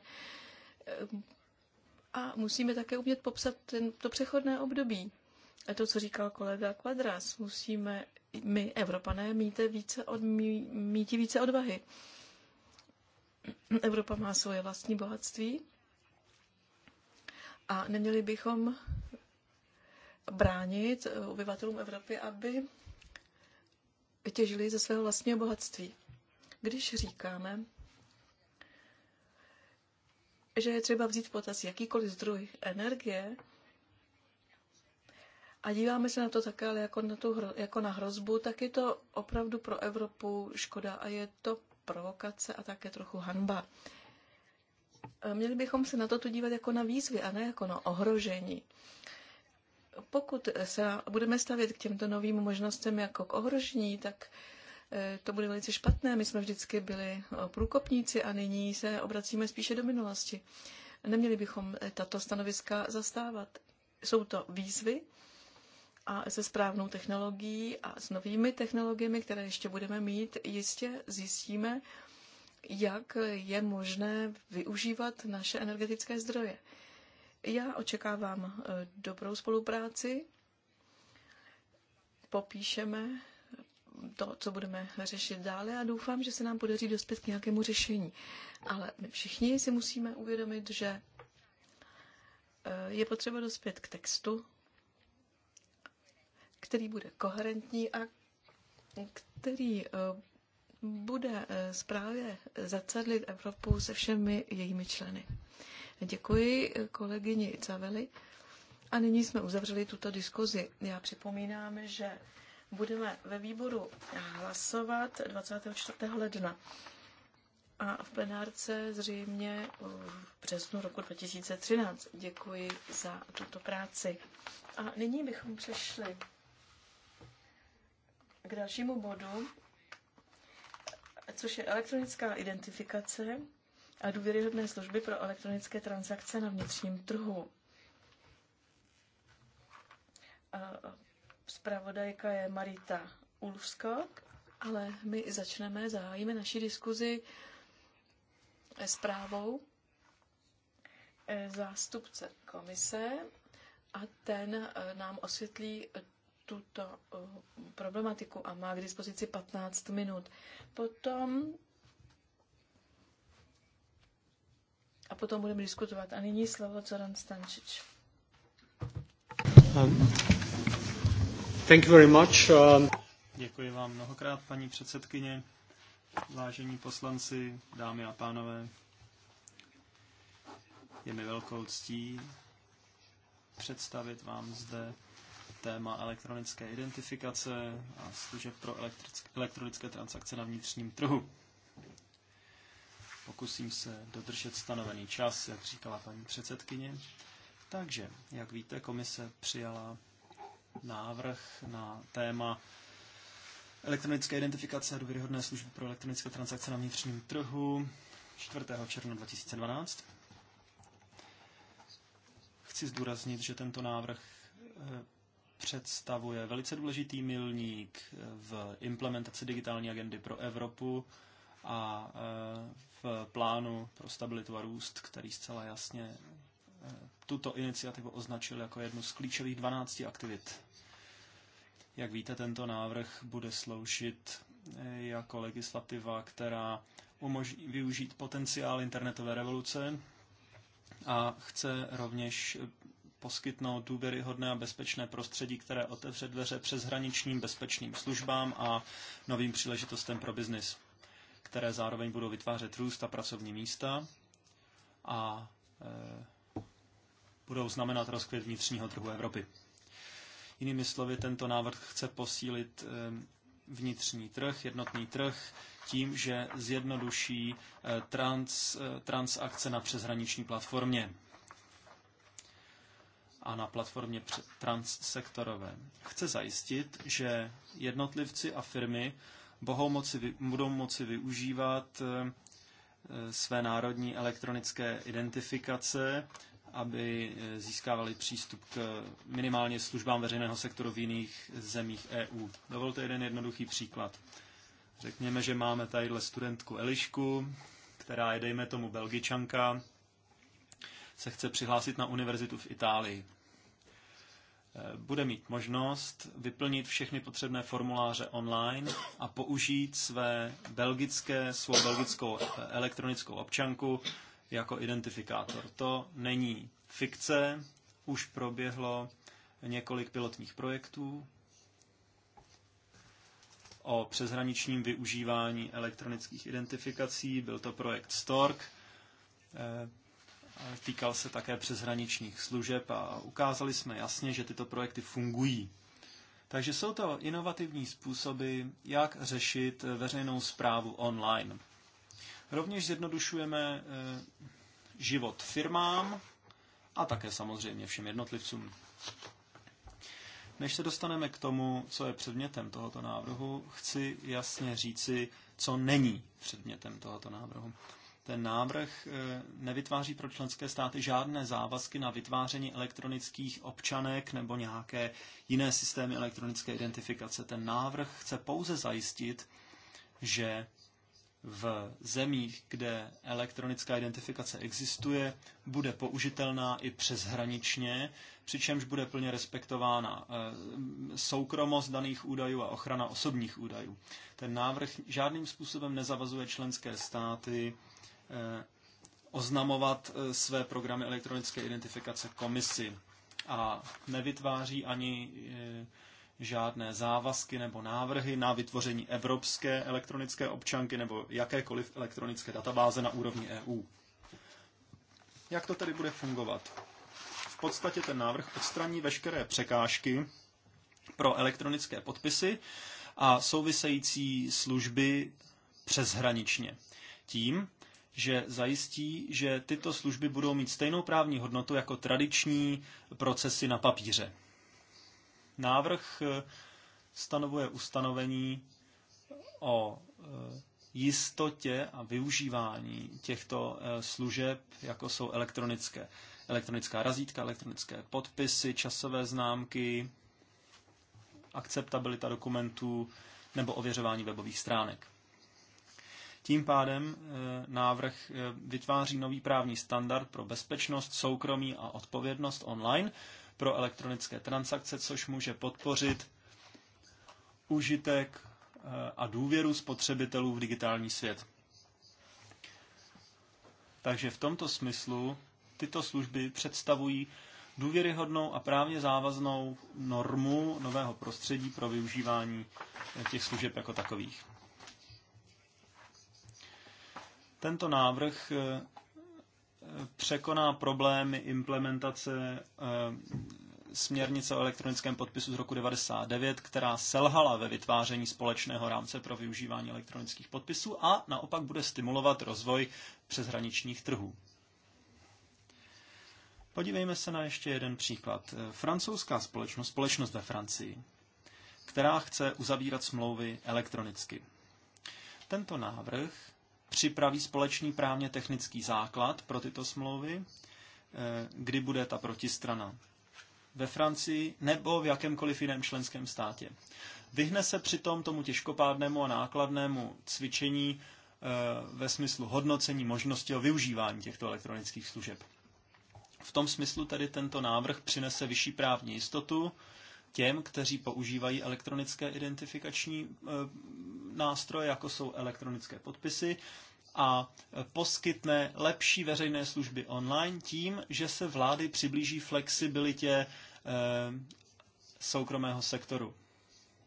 a musíme také umět popsat ten, to přechodné období. A to, co říkal kolega Quadras, musíme my, Evropané, mít více, od, mít více odvahy. Evropa má svoje vlastní bohatství a neměli bychom bránit obyvatelům Evropy, aby těžili ze svého vlastního bohatství. Když říkáme, že je třeba vzít v potaz jakýkoliv zdroj energie, a díváme se na to také ale jako na, tu, jako na hrozbu, tak je to opravdu pro Evropu škoda a je to provokace a také trochu hanba. Měli bychom se na to tu dívat jako na výzvy a ne jako na ohrožení. Pokud se budeme stavět k těmto novým možnostem jako k ohrožení, tak eh, to bude velice špatné. My jsme vždycky byli eh, průkopníci a nyní se obracíme spíše do minulosti. Neměli bychom eh, tato stanoviska zastávat. Jsou to výzvy a se správnou technologií a s novými technologiemi, které ještě budeme mít, jistě zjistíme, jak je možné využívat naše energetické zdroje. Já očekávám eh, dobrou spolupráci. Popíšeme to, co budeme řešit dále a doufám, že se nám podaří dospět k nějakému řešení. Ale my všichni si musíme uvědomit, že eh, je potřeba dospět k textu, který bude koherentní a který eh, bude eh, zprávě zacadlit Evropu se všemi jejími členy. Děkuji eh, kolegyni Caveli. A nyní jsme uzavřeli tuto diskuzi. Já připomínám, že budeme ve výboru hlasovat 24. ledna a v plenárce zřejmě v březnu roku 2013. Děkuji za tuto práci. A nyní bychom přešli k dalšímu bodu což je elektronická identifikace a důvěryhodné služby pro elektronické transakce na vnitřním trhu. Spravodajka je Marita Ulfskog, ale my začneme, zahájíme naši diskuzi zprávou e, zástupce komise a ten e, nám osvětlí tuto eh, problematiku a má k dispozici 15 minut. Potom a potom budeme diskutovat. A nyní slovo Zoran Stančič. Um, thank you very much. Um... Děkuji vám mnohokrát, paní předsedkyně, vážení poslanci, dámy a pánové. Je mi velkou ctí představit vám zde téma elektronické identifikace a služeb pro elektronické transakce na vnitřním trhu. Pokusím se dodržet stanovený čas, jak říkala paní předsedkyně. Takže, jak víte, komise přijala návrh na téma elektronické identifikace a důvěryhodné služby pro elektronické transakce na vnitřním trhu 4. června 2012. Chci zdůraznit, že tento návrh eh, představuje velice důležitý milník v implementaci digitální agendy pro Evropu a eh, v plánu pro stabilitu a růst, který zcela jasně eh, tuto iniciativu označil jako jednu z klíčových 12 aktivit. Jak víte, tento návrh bude sloužit eh, jako legislativa, která umožní využít potenciál internetové revoluce a chce rovněž poskytnout důvěryhodné a bezpečné prostředí, které otevře dveře přeshraničním bezpečným službám a novým příležitostem pro biznis, které zároveň budou vytvářet růst a pracovní místa a e, budou znamenat rozkvět vnitřního trhu Evropy. Jinými slovy, tento návrh chce posílit e, vnitřní trh, jednotný trh, tím, že zjednoduší e, trans, e, transakce na přeshraniční platformě a na platformě transsektorové. Chce zajistit, že jednotlivci a firmy bohou moci, budou moci využívat eh, eh, své národní elektronické identifikace, aby eh, získávali přístup k minimálně službám veřejného sektoru v jiných zemích EU. Dovolte jeden jednoduchý příklad. Řekněme, že máme tadyhle studentku Elišku, která je, dejme tomu, belgičanka, se chce přihlásit na univerzitu v Itálii. Eh, bude mít možnost vyplnit všechny potřebné formuláře online a použít své belgické, svou belgickou eh, elektronickou občanku jako identifikátor. To není fikce, už proběhlo několik pilotních projektů o přeshraničním využívání elektronických identifikací. Byl to projekt Stork, eh, týkal se také přeshraničních služeb a ukázali jsme jasně, že tyto projekty fungují. Takže jsou to inovativní způsoby, jak řešit veřejnou zprávu online. Rovněž zjednodušujeme eh, život firmám a také samozřejmě všem jednotlivcům. Než se dostaneme k tomu, co je předmětem tohoto návrhu, chci jasně říci, co není předmětem tohoto návrhu. Ten návrh eh, nevytváří pro členské státy žádné závazky na vytváření elektronických občanek nebo nějaké jiné systémy elektronické identifikace. Ten návrh chce pouze zajistit, že v zemích, kde elektronická identifikace existuje, bude použitelná i přeshraničně, přičemž bude plně respektována eh, soukromost daných údajů a ochrana osobních údajů. Ten návrh žádným způsobem nezavazuje členské státy Eh, oznamovat eh, své programy elektronické identifikace komisi a nevytváří ani eh, žádné závazky nebo návrhy na vytvoření evropské elektronické občanky nebo jakékoliv elektronické databáze na úrovni EU. Jak to tedy bude fungovat? V podstatě ten návrh odstraní veškeré překážky pro elektronické podpisy a související služby přeshraničně. Tím, že zajistí, že tyto služby budou mít stejnou právní hodnotu jako tradiční procesy na papíře. Návrh eh, stanovuje ustanovení o eh, jistotě a využívání těchto eh, služeb, jako jsou elektronické, elektronická razítka, elektronické podpisy, časové známky, akceptabilita dokumentů nebo ověřování webových stránek. Tím pádem eh, návrh eh, vytváří nový právní standard pro bezpečnost, soukromí a odpovědnost online pro elektronické transakce, což může podpořit užitek eh, a důvěru spotřebitelů v digitální svět. Takže v tomto smyslu tyto služby představují důvěryhodnou a právně závaznou normu nového prostředí pro využívání těch služeb jako takových. Tento návrh eh, překoná problémy implementace eh, směrnice o elektronickém podpisu z roku 99, která selhala ve vytváření společného rámce pro využívání elektronických podpisů a naopak bude stimulovat rozvoj přeshraničních trhů. Podívejme se na ještě jeden příklad. Francouzská společnost, společnost ve Francii, která chce uzavírat smlouvy elektronicky. Tento návrh připraví společný právně technický základ pro tyto smlouvy, eh, kdy bude ta protistrana ve Francii nebo v jakémkoliv jiném členském státě. Vyhne se přitom tomu těžkopádnému a nákladnému cvičení eh, ve smyslu hodnocení možnosti o využívání těchto elektronických služeb. V tom smyslu tedy tento návrh přinese vyšší právní jistotu těm, kteří používají elektronické identifikační eh, nástroje, jako jsou elektronické podpisy, a eh, poskytne lepší veřejné služby online tím, že se vlády přiblíží flexibilitě eh, soukromého sektoru.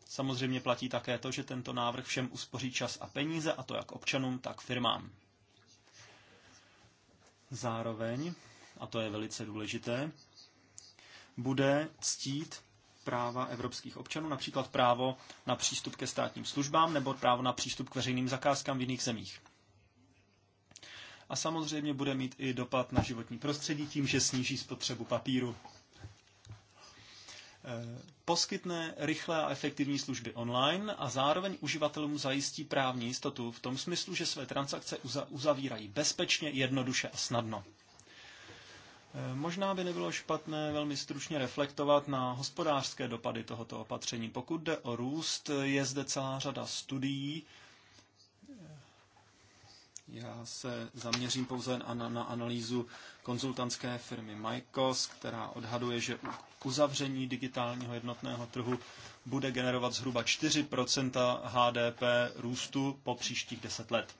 Samozřejmě platí také to, že tento návrh všem uspoří čas a peníze, a to jak občanům, tak firmám. Zároveň, a to je velice důležité, bude ctít práva evropských občanů, například právo na přístup ke státním službám nebo právo na přístup k veřejným zakázkám v jiných zemích. A samozřejmě bude mít i dopad na životní prostředí tím, že sníží spotřebu papíru. E, poskytne rychlé a efektivní služby online a zároveň uživatelům zajistí právní jistotu v tom smyslu, že své transakce uzavírají bezpečně, jednoduše a snadno. Eh, možná by nebylo špatné velmi stručně reflektovat na hospodářské dopady tohoto opatření. Pokud jde o růst, je zde celá řada studií. Eh, já se zaměřím pouze na, analýzu konzultantské firmy Mycos, která odhaduje, že uzavření digitálního jednotného trhu bude generovat zhruba 4 HDP růstu po příštích 10 let.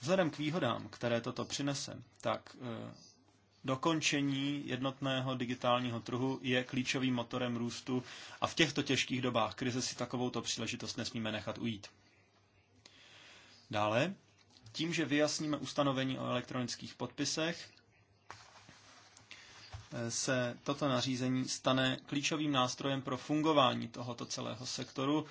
Vzhledem k výhodám, které toto přinese, tak eh, Dokončení jednotného digitálního trhu je klíčovým motorem růstu a v těchto těžkých dobách krize si takovouto příležitost nesmíme nechat ujít. Dále, tím, že vyjasníme ustanovení o elektronických podpisech, se toto nařízení stane klíčovým nástrojem pro fungování tohoto celého sektoru,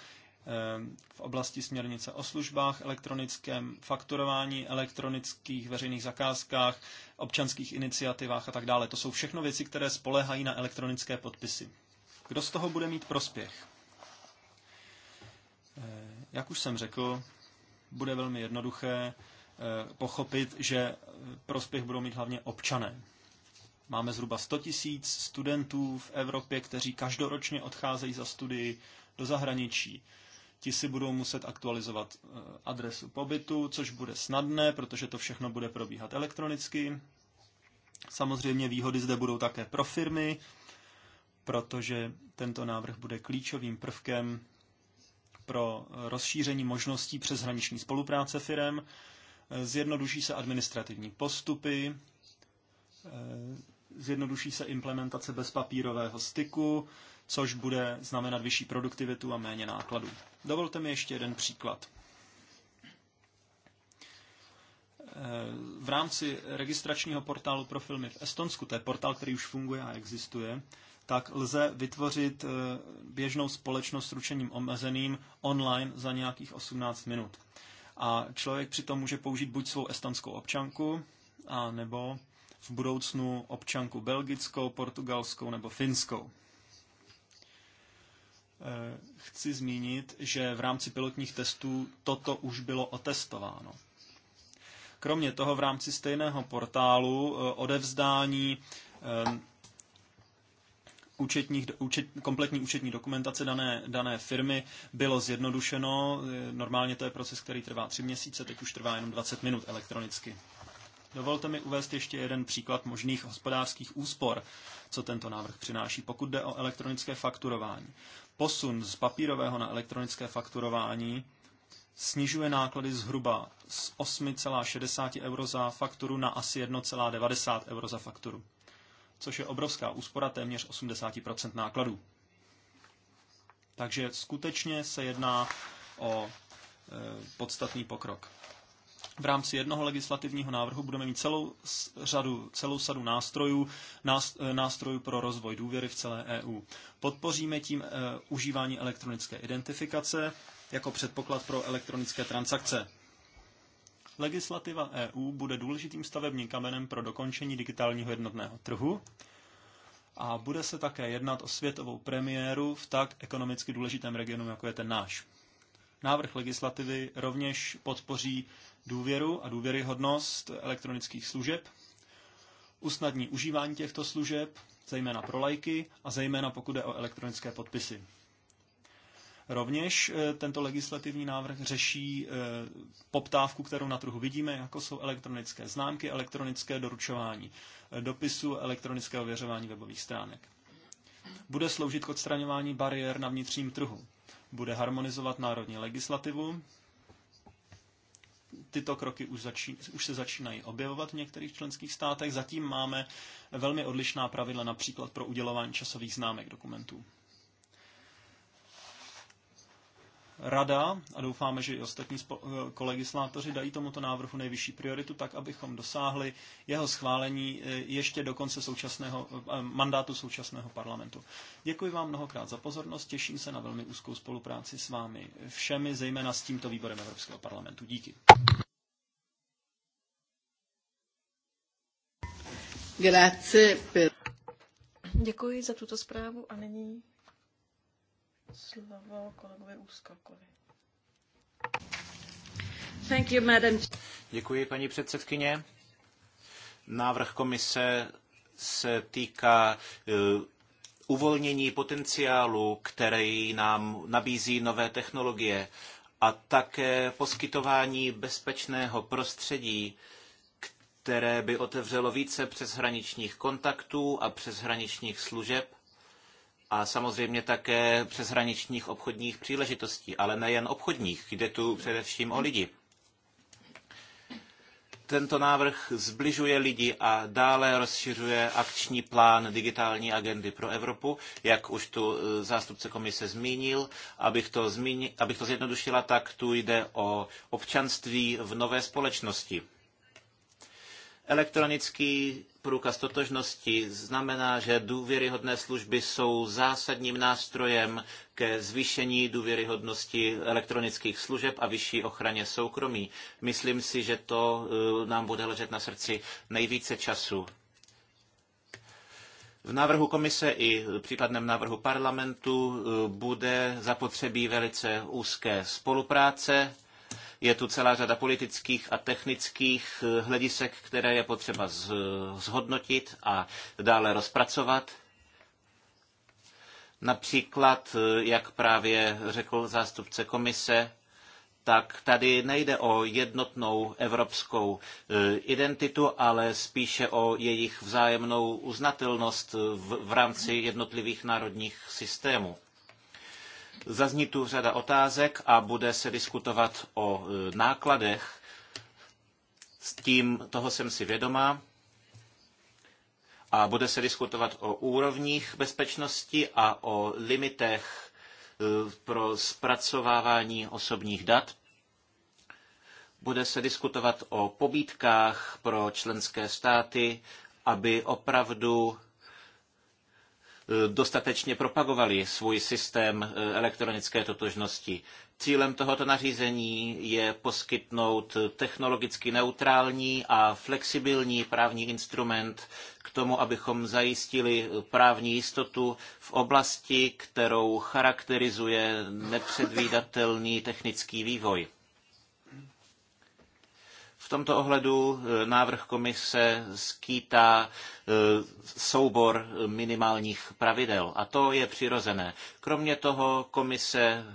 Ehm, v oblasti směrnice o službách, elektronickém fakturování, elektronických veřejných zakázkách, občanských iniciativách a tak dále. To jsou všechno věci, které spolehají na elektronické podpisy. Kdo z toho bude mít prospěch? Ehm, jak už jsem řekl, bude velmi jednoduché ehm, pochopit, že prospěch budou mít hlavně občané. Máme zhruba 100 tisíc studentů v Evropě, kteří každoročně odcházejí za studii do zahraničí. Ti si budou muset aktualizovat eh, adresu pobytu, což bude snadné, protože to všechno bude probíhat elektronicky. Samozřejmě výhody zde budou také pro firmy, protože tento návrh bude klíčovým prvkem pro rozšíření možností přeshraniční spolupráce firem, eh, zjednoduší se administrativní postupy, eh, zjednoduší se implementace bezpapírového styku, což bude znamenat vyšší produktivitu a méně nákladů. Dovolte mi ještě jeden příklad. V rámci registračního portálu pro filmy v Estonsku, to je portál, který už funguje a existuje, tak lze vytvořit eh, běžnou společnost s ručením omezeným online za nějakých 18 minut. A člověk přitom může použít buď svou estonskou občanku, a nebo v budoucnu občanku belgickou, portugalskou nebo finskou. Eh, chci zmínit, že v rámci pilotních testů toto už bylo otestováno. Kromě toho v rámci stejného portálu eh, odevzdání eh, účetních, účet, kompletní účetní dokumentace dané, dané firmy bylo zjednodušeno. Normálně to je proces, který trvá tři měsíce, teď už trvá jenom 20 minut elektronicky. Dovolte mi uvést ještě jeden příklad možných hospodářských úspor, co tento návrh přináší, pokud jde o elektronické fakturování posun z papírového na elektronické fakturování snižuje náklady zhruba z 8,60 euro za fakturu na asi 1,90 euro za fakturu, což je obrovská úspora téměř 80 nákladů. Takže skutečně se jedná o e, podstatný pokrok v rámci jednoho legislativního návrhu budeme mít celou řadu, celou sadu nástrojů, eh, nástrojů pro rozvoj důvěry v celé EU. Podpoříme tím eh, užívání elektronické identifikace jako předpoklad pro elektronické transakce. Legislativa EU bude důležitým stavebním kamenem pro dokončení digitálního jednotného trhu a bude se také jednat o světovou premiéru v tak ekonomicky důležitém regionu, jako je ten náš. Návrh legislativy rovněž podpoří důvěru a důvěryhodnost elektronických služeb, usnadní užívání těchto služeb, zejména pro lajky a zejména pokud jde o elektronické podpisy. Rovněž eh, tento legislativní návrh řeší eh, poptávku, kterou na trhu vidíme, jako jsou elektronické známky, elektronické doručování eh, dopisu, elektronické ověřování webových stránek. Bude sloužit k odstraňování bariér na vnitřním trhu. Bude harmonizovat národní legislativu, tyto kroky už, začí, už se začínají objevovat v některých členských státech. Zatím máme velmi odlišná pravidla například pro udělování časových známek dokumentů. Rada, a doufáme, že i ostatní eh, kolegislátoři dají tomuto návrhu nejvyšší prioritu, tak abychom dosáhli jeho schválení eh, ještě do konce současného, eh, mandátu současného parlamentu. Děkuji vám mnohokrát za pozornost, těším se na velmi úzkou spolupráci s vámi všemi, zejména s tímto výborem Evropského parlamentu. Díky. Děkuji za tuto zprávu a nyní slovo kolegovi Úskakovi. Thank you, madam. Děkuji, paní předsedkyně. Návrh komise se týká e, uvolnění potenciálu, který nám nabízí nové technologie a také poskytování bezpečného prostředí, které by otevřelo více přeshraničních kontaktů a přeshraničních služeb a samozřejmě také přeshraničních obchodních příležitostí, ale nejen obchodních, jde tu především o lidi. Tento návrh zbližuje lidi a dále rozšiřuje akční plán digitální agendy pro Evropu, jak už tu eh, zástupce komise zmínil. Abych to, zmíni, abych to zjednodušila, tak tu jde o občanství v nové společnosti. Elektronický průkaz totožnosti znamená, že důvěryhodné služby jsou zásadním nástrojem ke zvýšení důvěryhodnosti elektronických služeb a vyšší ochraně soukromí. Myslím si, že to eh, nám bude ležet na srdci nejvíce času. V návrhu komise i případném návrhu parlamentu eh, bude zapotřebí velice úzké spolupráce je tu celá řada politických a technických eh, hledisek, které je potřeba zhodnotit a dále rozpracovat. Například, eh, jak právě řekl zástupce komise, tak tady nejde o jednotnou evropskou eh, identitu, ale spíše o jejich vzájemnou uznatelnost v, v rámci jednotlivých národních systémů. Zazní tu řada otázek a bude se diskutovat o e, nákladech. S tím toho jsem si vědomá. A bude se diskutovat o úrovních bezpečnosti a o limitech e, pro zpracovávání osobních dat. Bude se diskutovat o pobídkách pro členské státy, aby opravdu Eh, dostatečně propagovali svůj systém eh, elektronické totožnosti. Cílem tohoto nařízení je poskytnout technologicky neutrální a flexibilní právní instrument k tomu, abychom zajistili právní jistotu v oblasti, kterou charakterizuje nepředvídatelný technický vývoj. V tomto ohledu e, návrh komise skýtá e, soubor minimálních pravidel a to je přirozené. Kromě toho komise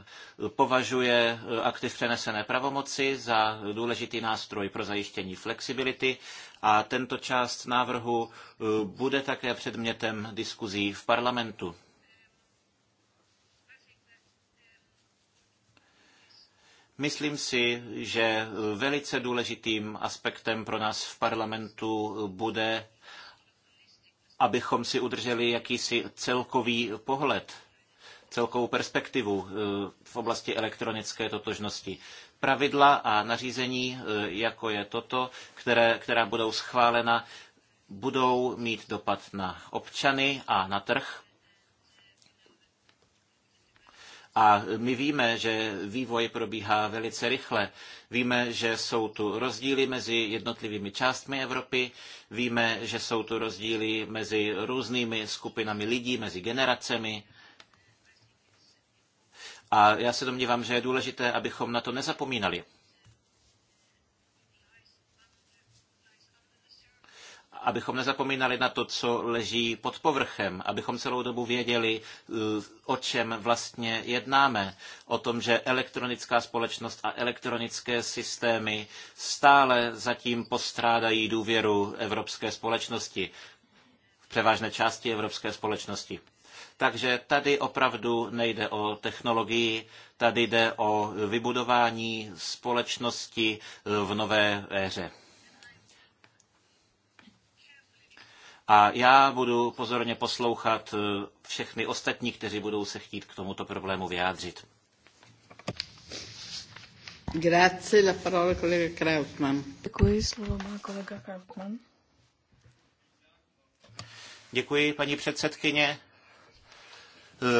považuje e, aktiv přenesené pravomoci za důležitý nástroj pro zajištění flexibility a tento část návrhu bude také předmětem diskuzí v parlamentu. Myslím si, že velice důležitým aspektem pro nás v parlamentu bude, abychom si udrželi jakýsi celkový pohled, celkovou perspektivu eh, v oblasti elektronické totožnosti. Pravidla a nařízení, eh, jako je toto, které, která budou schválena, budou mít dopad na občany a na trh a my víme, že vývoj probíhá velice rychle. Víme, že jsou tu rozdíly mezi jednotlivými částmi Evropy, víme, že jsou tu rozdíly mezi různými skupinami lidí, mezi generacemi. A já se domnívám, že je důležité, abychom na to nezapomínali. abychom nezapomínali na to, co leží pod povrchem, abychom celou dobu věděli, eh, o čem vlastně jednáme. O tom, že elektronická společnost a elektronické systémy stále zatím postrádají důvěru evropské společnosti, v převážné části evropské společnosti. Takže tady opravdu nejde o technologii, tady jde o vybudování společnosti eh, v nové éře. A já budu pozorně poslouchat eh, všechny ostatní, kteří budou se chtít k tomuto problému vyjádřit. Grazie, la parola kolega Krautmann. Děkuji, slovo má kolega Krautmann. Děkuji, paní předsedkyně.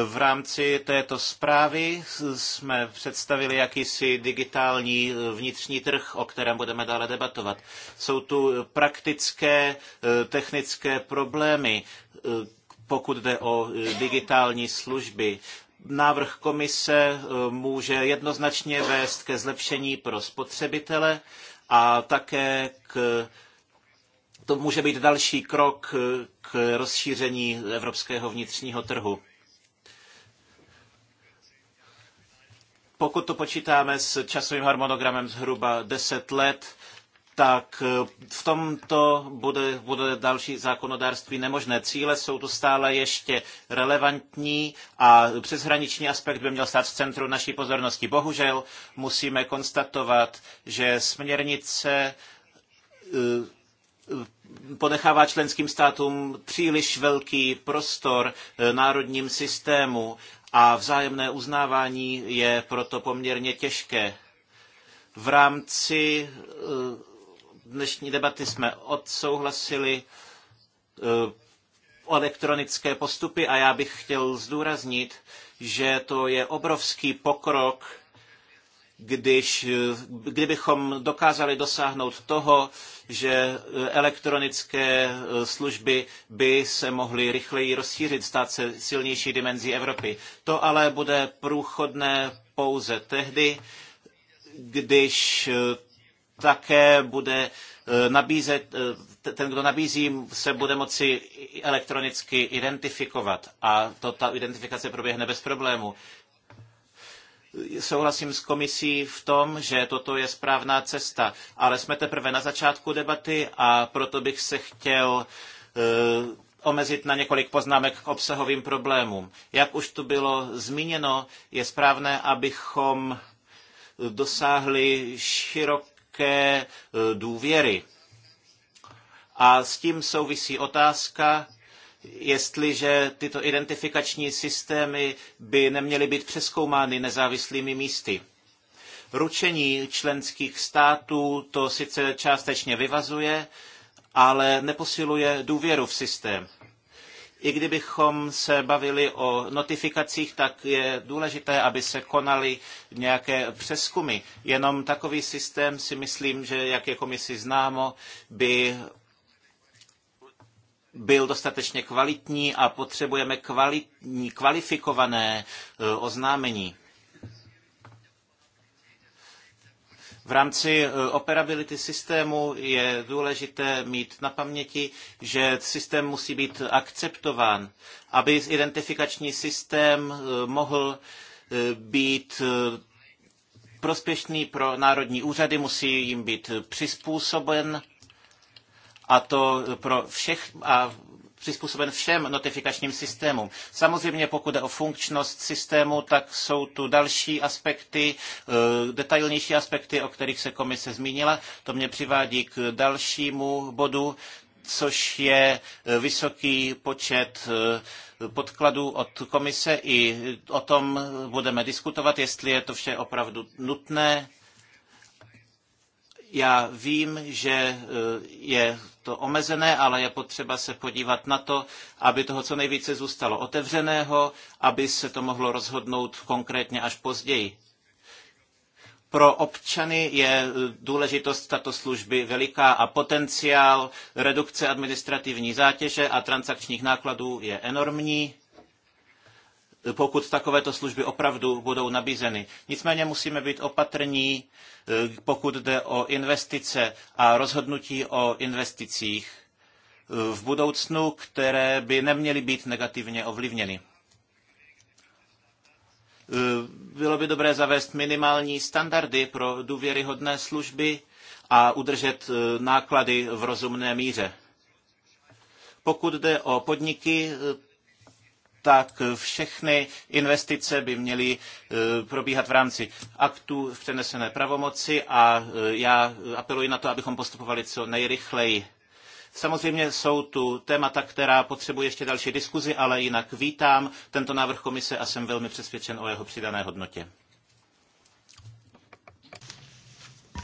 V rámci této zprávy jsme představili jakýsi digitální vnitřní trh, o kterém budeme dále debatovat. Jsou tu praktické eh, technické problémy, eh, pokud jde o eh, digitální služby návrh komise může jednoznačně vést ke zlepšení pro spotřebitele a také k to může být další krok k rozšíření evropského vnitřního trhu. Pokud to počítáme s časovým harmonogramem zhruba 10 let, tak e, v tomto bude, bude další zákonodárství nemožné. Cíle jsou tu stále ještě relevantní a přeshraniční aspekt by měl stát v centru naší pozornosti. Bohužel musíme konstatovat, že směrnice e, ponechává členským státům příliš velký prostor e, národním systému a vzájemné uznávání je proto poměrně těžké. V rámci eh, dnešní debaty jsme odsouhlasili eh, elektronické postupy a já bych chtěl zdůraznit, že to je obrovský pokrok, když, eh, kdybychom dokázali dosáhnout toho, že e, elektronické e, služby by se mohly rychleji rozšířit, stát se silnější dimenzí Evropy. To ale bude průchodné pouze tehdy, když e, také bude nabízet, ten, kdo nabízí, se bude moci elektronicky identifikovat a to, ta identifikace proběhne bez problému souhlasím s komisí v tom, že toto je správná cesta, ale jsme teprve na začátku debaty a proto bych se chtěl eh, omezit na několik poznámek k obsahovým problémům. Jak už tu bylo zmíněno, je správné, abychom dosáhli široké eh, důvěry. A s tím souvisí otázka, jestliže tyto identifikační systémy by neměly být přeskoumány nezávislými místy. Ručení členských států to sice částečně vyvazuje, ale neposiluje důvěru v systém. I kdybychom se bavili o notifikacích, tak je důležité, aby se konaly nějaké přeskumy. Jenom takový systém si myslím, že jak je komisi známo, by byl dostatečně kvalitní a potřebujeme kvalitní, kvalifikované e, oznámení. V rámci e, operability systému je důležité mít na paměti, že systém musí být akceptován, aby identifikační systém e, mohl být prospěšný pro národní úřady, musí jim být přizpůsoben a to pro všech, a přizpůsoben všem notifikačním systémům. Samozřejmě pokud jde o funkčnost systému, tak jsou tu další aspekty, e, detailnější aspekty, o kterých se komise zmínila. To mě přivádí k dalšímu bodu, což je e, vysoký počet e, podkladů od komise i o tom budeme diskutovat, jestli je to vše opravdu nutné. Já vím, že je to omezené, ale je potřeba se podívat na to, aby toho co nejvíce zůstalo otevřeného, aby se to mohlo rozhodnout konkrétně až později. Pro občany je důležitost této služby veliká a potenciál redukce administrativní zátěže a transakčních nákladů je enormní pokud takovéto služby opravdu budou nabízeny. Nicméně musíme být opatrní, eh, pokud jde o investice a rozhodnutí o investicích eh, v budoucnu, které by neměly být negativně ovlivněny. Eh, bylo by dobré zavést minimální standardy pro důvěryhodné služby a udržet náklady v rozumné míře. Pokud jde o podniky, tak všechny investice by měly eh, probíhat v rámci aktů v přenesené pravomoci a eh, já apeluji na to, abychom postupovali co nejrychleji. Samozřejmě jsou tu témata, která potřebují ještě další diskuzi, ale jinak vítám tento návrh komise a jsem velmi přesvědčen o jeho přidané hodnotě.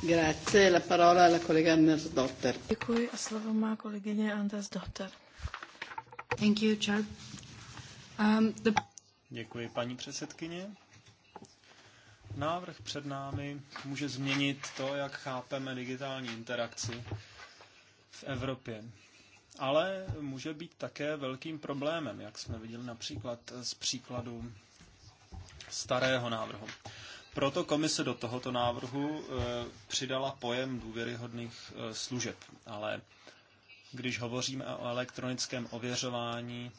Grazie, la parola alla collega Anders Dotter. Děkuji a slovo má kolegyně Anders Dotter. Thank you, Charles. Um, the... Děkuji, paní předsedkyně. Návrh před námi může změnit to, jak chápeme digitální interakci v Evropě. Ale může být také velkým problémem, jak jsme viděli například z příkladu starého návrhu. Proto komise do tohoto návrhu e, přidala pojem důvěryhodných e, služeb. Ale když hovoříme o elektronickém ověřování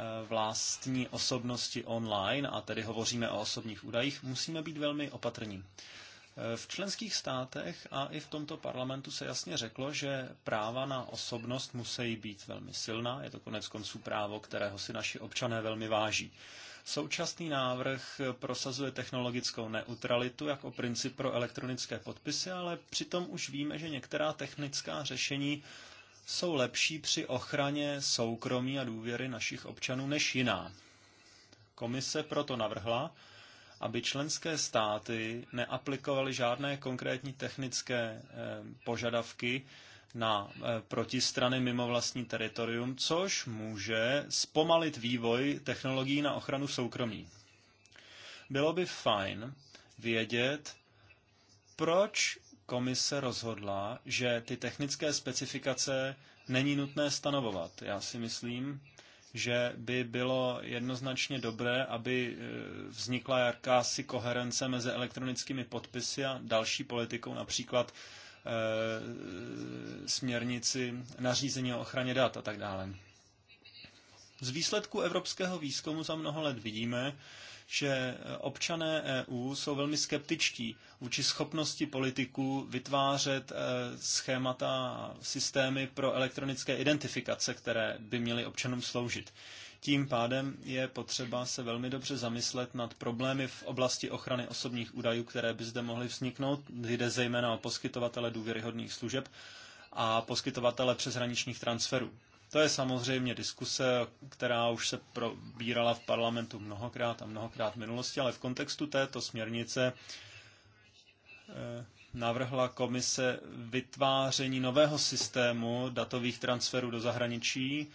Eh, vlastní osobnosti online, a tedy hovoříme o osobních údajích, musíme být velmi opatrní. Eh, v členských státech a i v tomto parlamentu se jasně řeklo, že práva na osobnost musí být velmi silná. Je to konec konců právo, kterého si naši občané velmi váží. Současný návrh prosazuje technologickou neutralitu jako princip pro elektronické podpisy, ale přitom už víme, že některá technická řešení jsou lepší při ochraně soukromí a důvěry našich občanů než jiná. Komise proto navrhla, aby členské státy neaplikovaly žádné konkrétní technické eh, požadavky na eh, protistrany mimo vlastní teritorium, což může zpomalit vývoj technologií na ochranu soukromí. Bylo by fajn vědět, proč komise rozhodla, že ty technické specifikace není nutné stanovovat. Já si myslím, že by bylo jednoznačně dobré, aby e, vznikla jakási koherence mezi elektronickými podpisy a další politikou, například e, směrnici nařízení o ochraně dat a tak dále. Z výsledku evropského výzkumu za mnoho let vidíme, že eh, občané EU jsou velmi skeptičtí vůči schopnosti politiků vytvářet eh, schémata a systémy pro elektronické identifikace, které by měly občanům sloužit. Tím pádem je potřeba se velmi dobře zamyslet nad problémy v oblasti ochrany osobních údajů, které by zde mohly vzniknout. Jde zejména o poskytovatele důvěryhodných služeb a poskytovatele přeshraničních transferů. To je samozřejmě diskuse, která už se probírala v parlamentu mnohokrát a mnohokrát v minulosti, ale v kontextu této směrnice eh, navrhla komise vytváření nového systému datových transferů do zahraničí.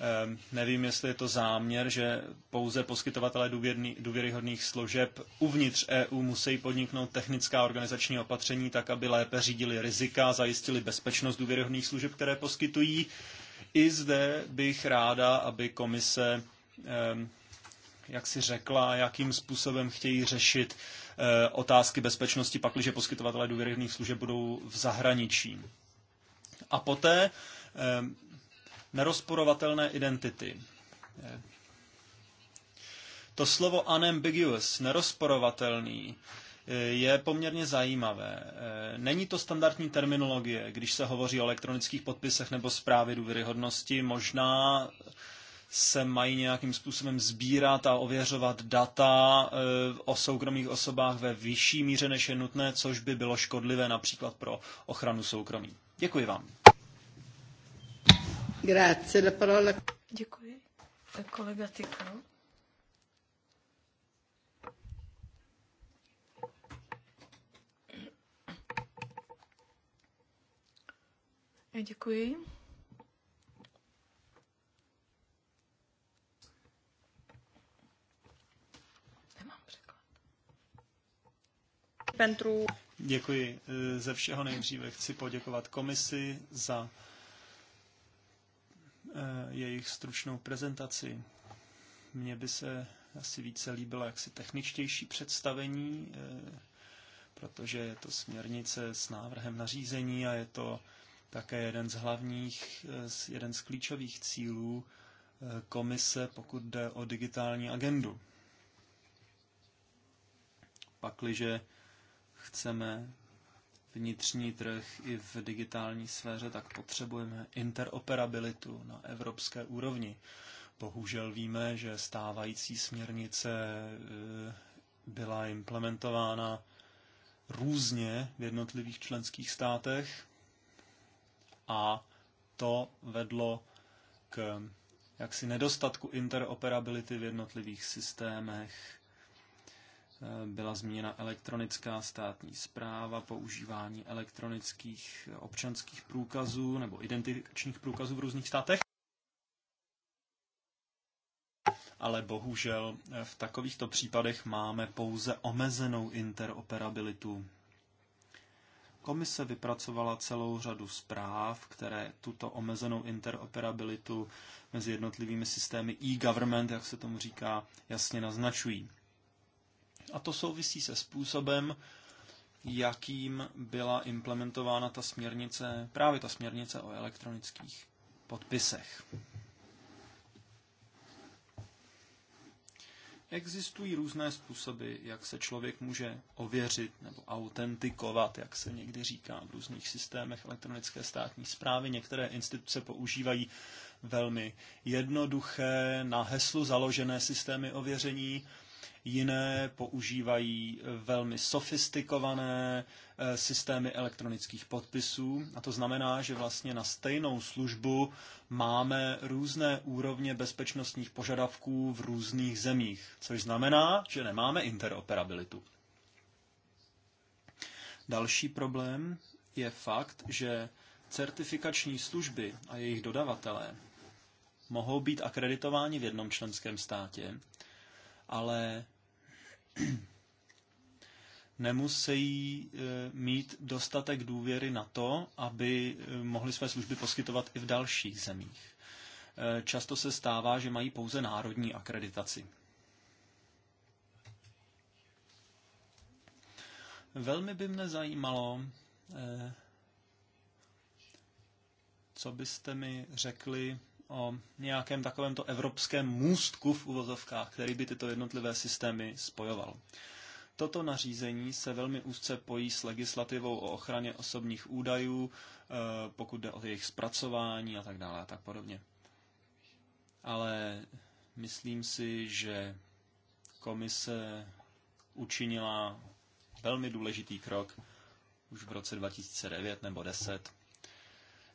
Eh, nevím, jestli je to záměr, že pouze poskytovatelé důvěryhodných služeb uvnitř EU musí podniknout technická organizační opatření tak, aby lépe řídili rizika, zajistili bezpečnost důvěryhodných služeb, které poskytují i zde bych ráda, aby komise jak si řekla, jakým způsobem chtějí řešit eh, otázky bezpečnosti, pakliže poskytovatelé důvěryhodných služeb budou v zahraničí. A poté nerozporovatelné identity. Eh, to slovo unambiguous, nerozporovatelný, je poměrně zajímavé. Eh, není to standardní terminologie, když se hovoří o elektronických podpisech nebo zprávě důvěryhodnosti. Možná se mají nějakým způsobem sbírat a ověřovat data eh, o soukromých osobách ve vyšší míře, než je nutné, což by bylo škodlivé například pro ochranu soukromí. Děkuji vám. Grazie, la parola. Děkuji. Eh, kolega Tykal. Děkuji. Nemám překlad. Pentru... Děkuji. Ze všeho nejdříve chci poděkovat komisi za eh, jejich stručnou prezentaci. Mně by se asi více líbilo jaksi techničtější představení, eh, protože je to směrnice s návrhem nařízení a je to také jeden z hlavních, eh, jeden z klíčových cílů eh, komise, pokud jde o digitální agendu. Pakliže chceme vnitřní trh i v digitální sféře, tak potřebujeme interoperabilitu na evropské úrovni. Bohužel víme, že stávající směrnice eh, byla implementována různě v jednotlivých členských státech a to vedlo k jaksi nedostatku interoperability v jednotlivých systémech. Eh, byla zmíněna elektronická státní zpráva, používání elektronických eh, občanských průkazů nebo identifikačních průkazů v různých státech. Ale bohužel eh, v takovýchto případech máme pouze omezenou interoperabilitu Komise vypracovala celou řadu zpráv, které tuto omezenou interoperabilitu mezi jednotlivými systémy e-government, jak se tomu říká, jasně naznačují. A to souvisí se způsobem, jakým byla implementována ta směrnice, právě ta směrnice o elektronických podpisech. Existují různé způsoby, jak se člověk může ověřit nebo autentikovat, jak se někdy říká v různých systémech elektronické státní zprávy. Některé instituce používají velmi jednoduché, na heslu založené systémy ověření, jiné používají velmi sofistikované eh, systémy elektronických podpisů a to znamená, že vlastně na stejnou službu máme různé úrovně bezpečnostních požadavků v různých zemích, což znamená, že nemáme interoperabilitu. Další problém je fakt, že certifikační služby a jejich dodavatelé mohou být akreditováni v jednom členském státě, ale nemusí eh, mít dostatek důvěry na to, aby eh, mohli své služby poskytovat i v dalších zemích. Eh, často se stává, že mají pouze národní akreditaci. Velmi by mne zajímalo, co byste mi řekli o nějakém takovémto evropském můstku v uvozovkách, který by tyto jednotlivé systémy spojoval. Toto nařízení se velmi úzce pojí s legislativou o ochraně osobních údajů, e, pokud jde o jejich zpracování a tak dále a tak podobně. Ale myslím si, že komise učinila velmi důležitý krok už v roce 2009 nebo 10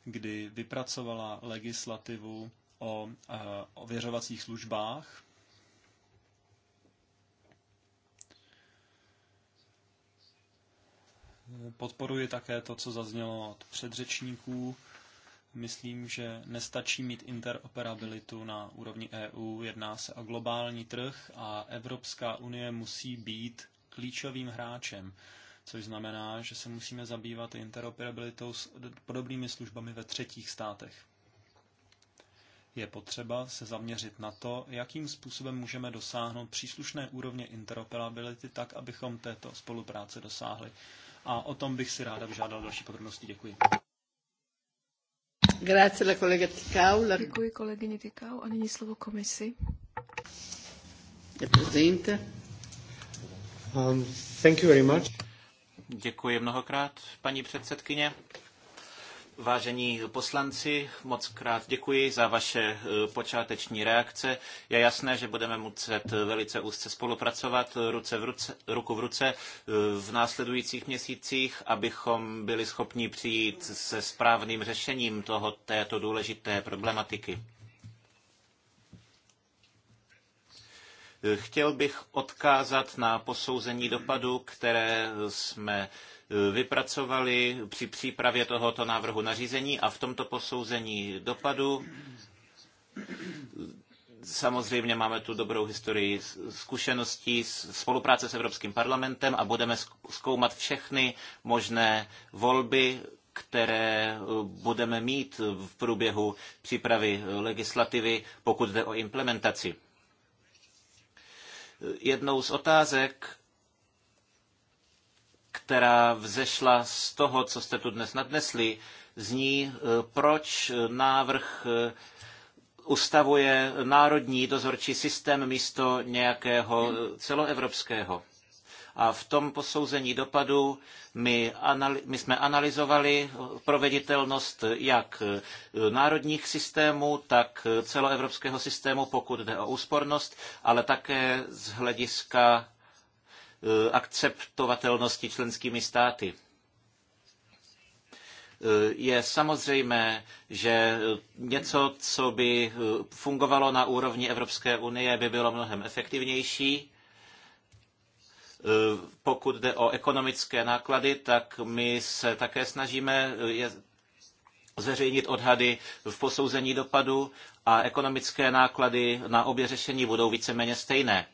kdy vypracovala legislativu o eh, ověřovacích službách. Podporuji také to, co zaznělo od předřečníků. Myslím, že nestačí mít interoperabilitu na úrovni EU. Jedná se o globální trh a Evropská unie musí být klíčovým hráčem což znamená, že se musíme zabývat interoperabilitou s podobnými službami ve třetích státech. Je potřeba se zaměřit na to, jakým způsobem můžeme dosáhnout příslušné úrovně interoperability tak, abychom této spolupráce dosáhli. A o tom bych si ráda vyžádal další podrobnosti. Děkuji. Grazie, Děkuji kolegyně Tikau a nyní slovo komisi. Je prezidente. Um, thank you very much. Děkuji mnohokrát, paní předsedkyně. Vážení poslanci, moc krát děkuji za vaše e, počáteční reakce. Je jasné, že budeme muset velice úzce spolupracovat ruce v ruce, ruku v ruce e, v následujících měsících, abychom byli schopni přijít se správným řešením toho, této důležité problematiky. Chtěl bych odkázat na posouzení dopadu, které jsme e, vypracovali při přípravě tohoto návrhu nařízení a v tomto posouzení dopadu samozřejmě máme tu dobrou historii zkušeností spolupráce s Evropským parlamentem a budeme zkoumat všechny možné volby, které e, budeme mít v průběhu přípravy legislativy, pokud jde o implementaci jednou z otázek, která vzešla z toho, co jste tu dnes nadnesli, zní, eh, proč návrh eh, ustavuje národní dozorčí systém místo nějakého eh, celoevropského. A v tom posouzení dopadu my, anali- my jsme analyzovali proveditelnost jak e, národních systémů, tak e, celoevropského systému, pokud jde o úspornost, ale také z hlediska e, akceptovatelnosti členskými státy je samozřejmé, že něco, co by fungovalo na úrovni Evropské unie, by bylo mnohem efektivnější Eh, pokud jde o ekonomické náklady, tak my se také snažíme eh, zveřejnit odhady v posouzení dopadu a ekonomické náklady na obě řešení budou víceméně stejné.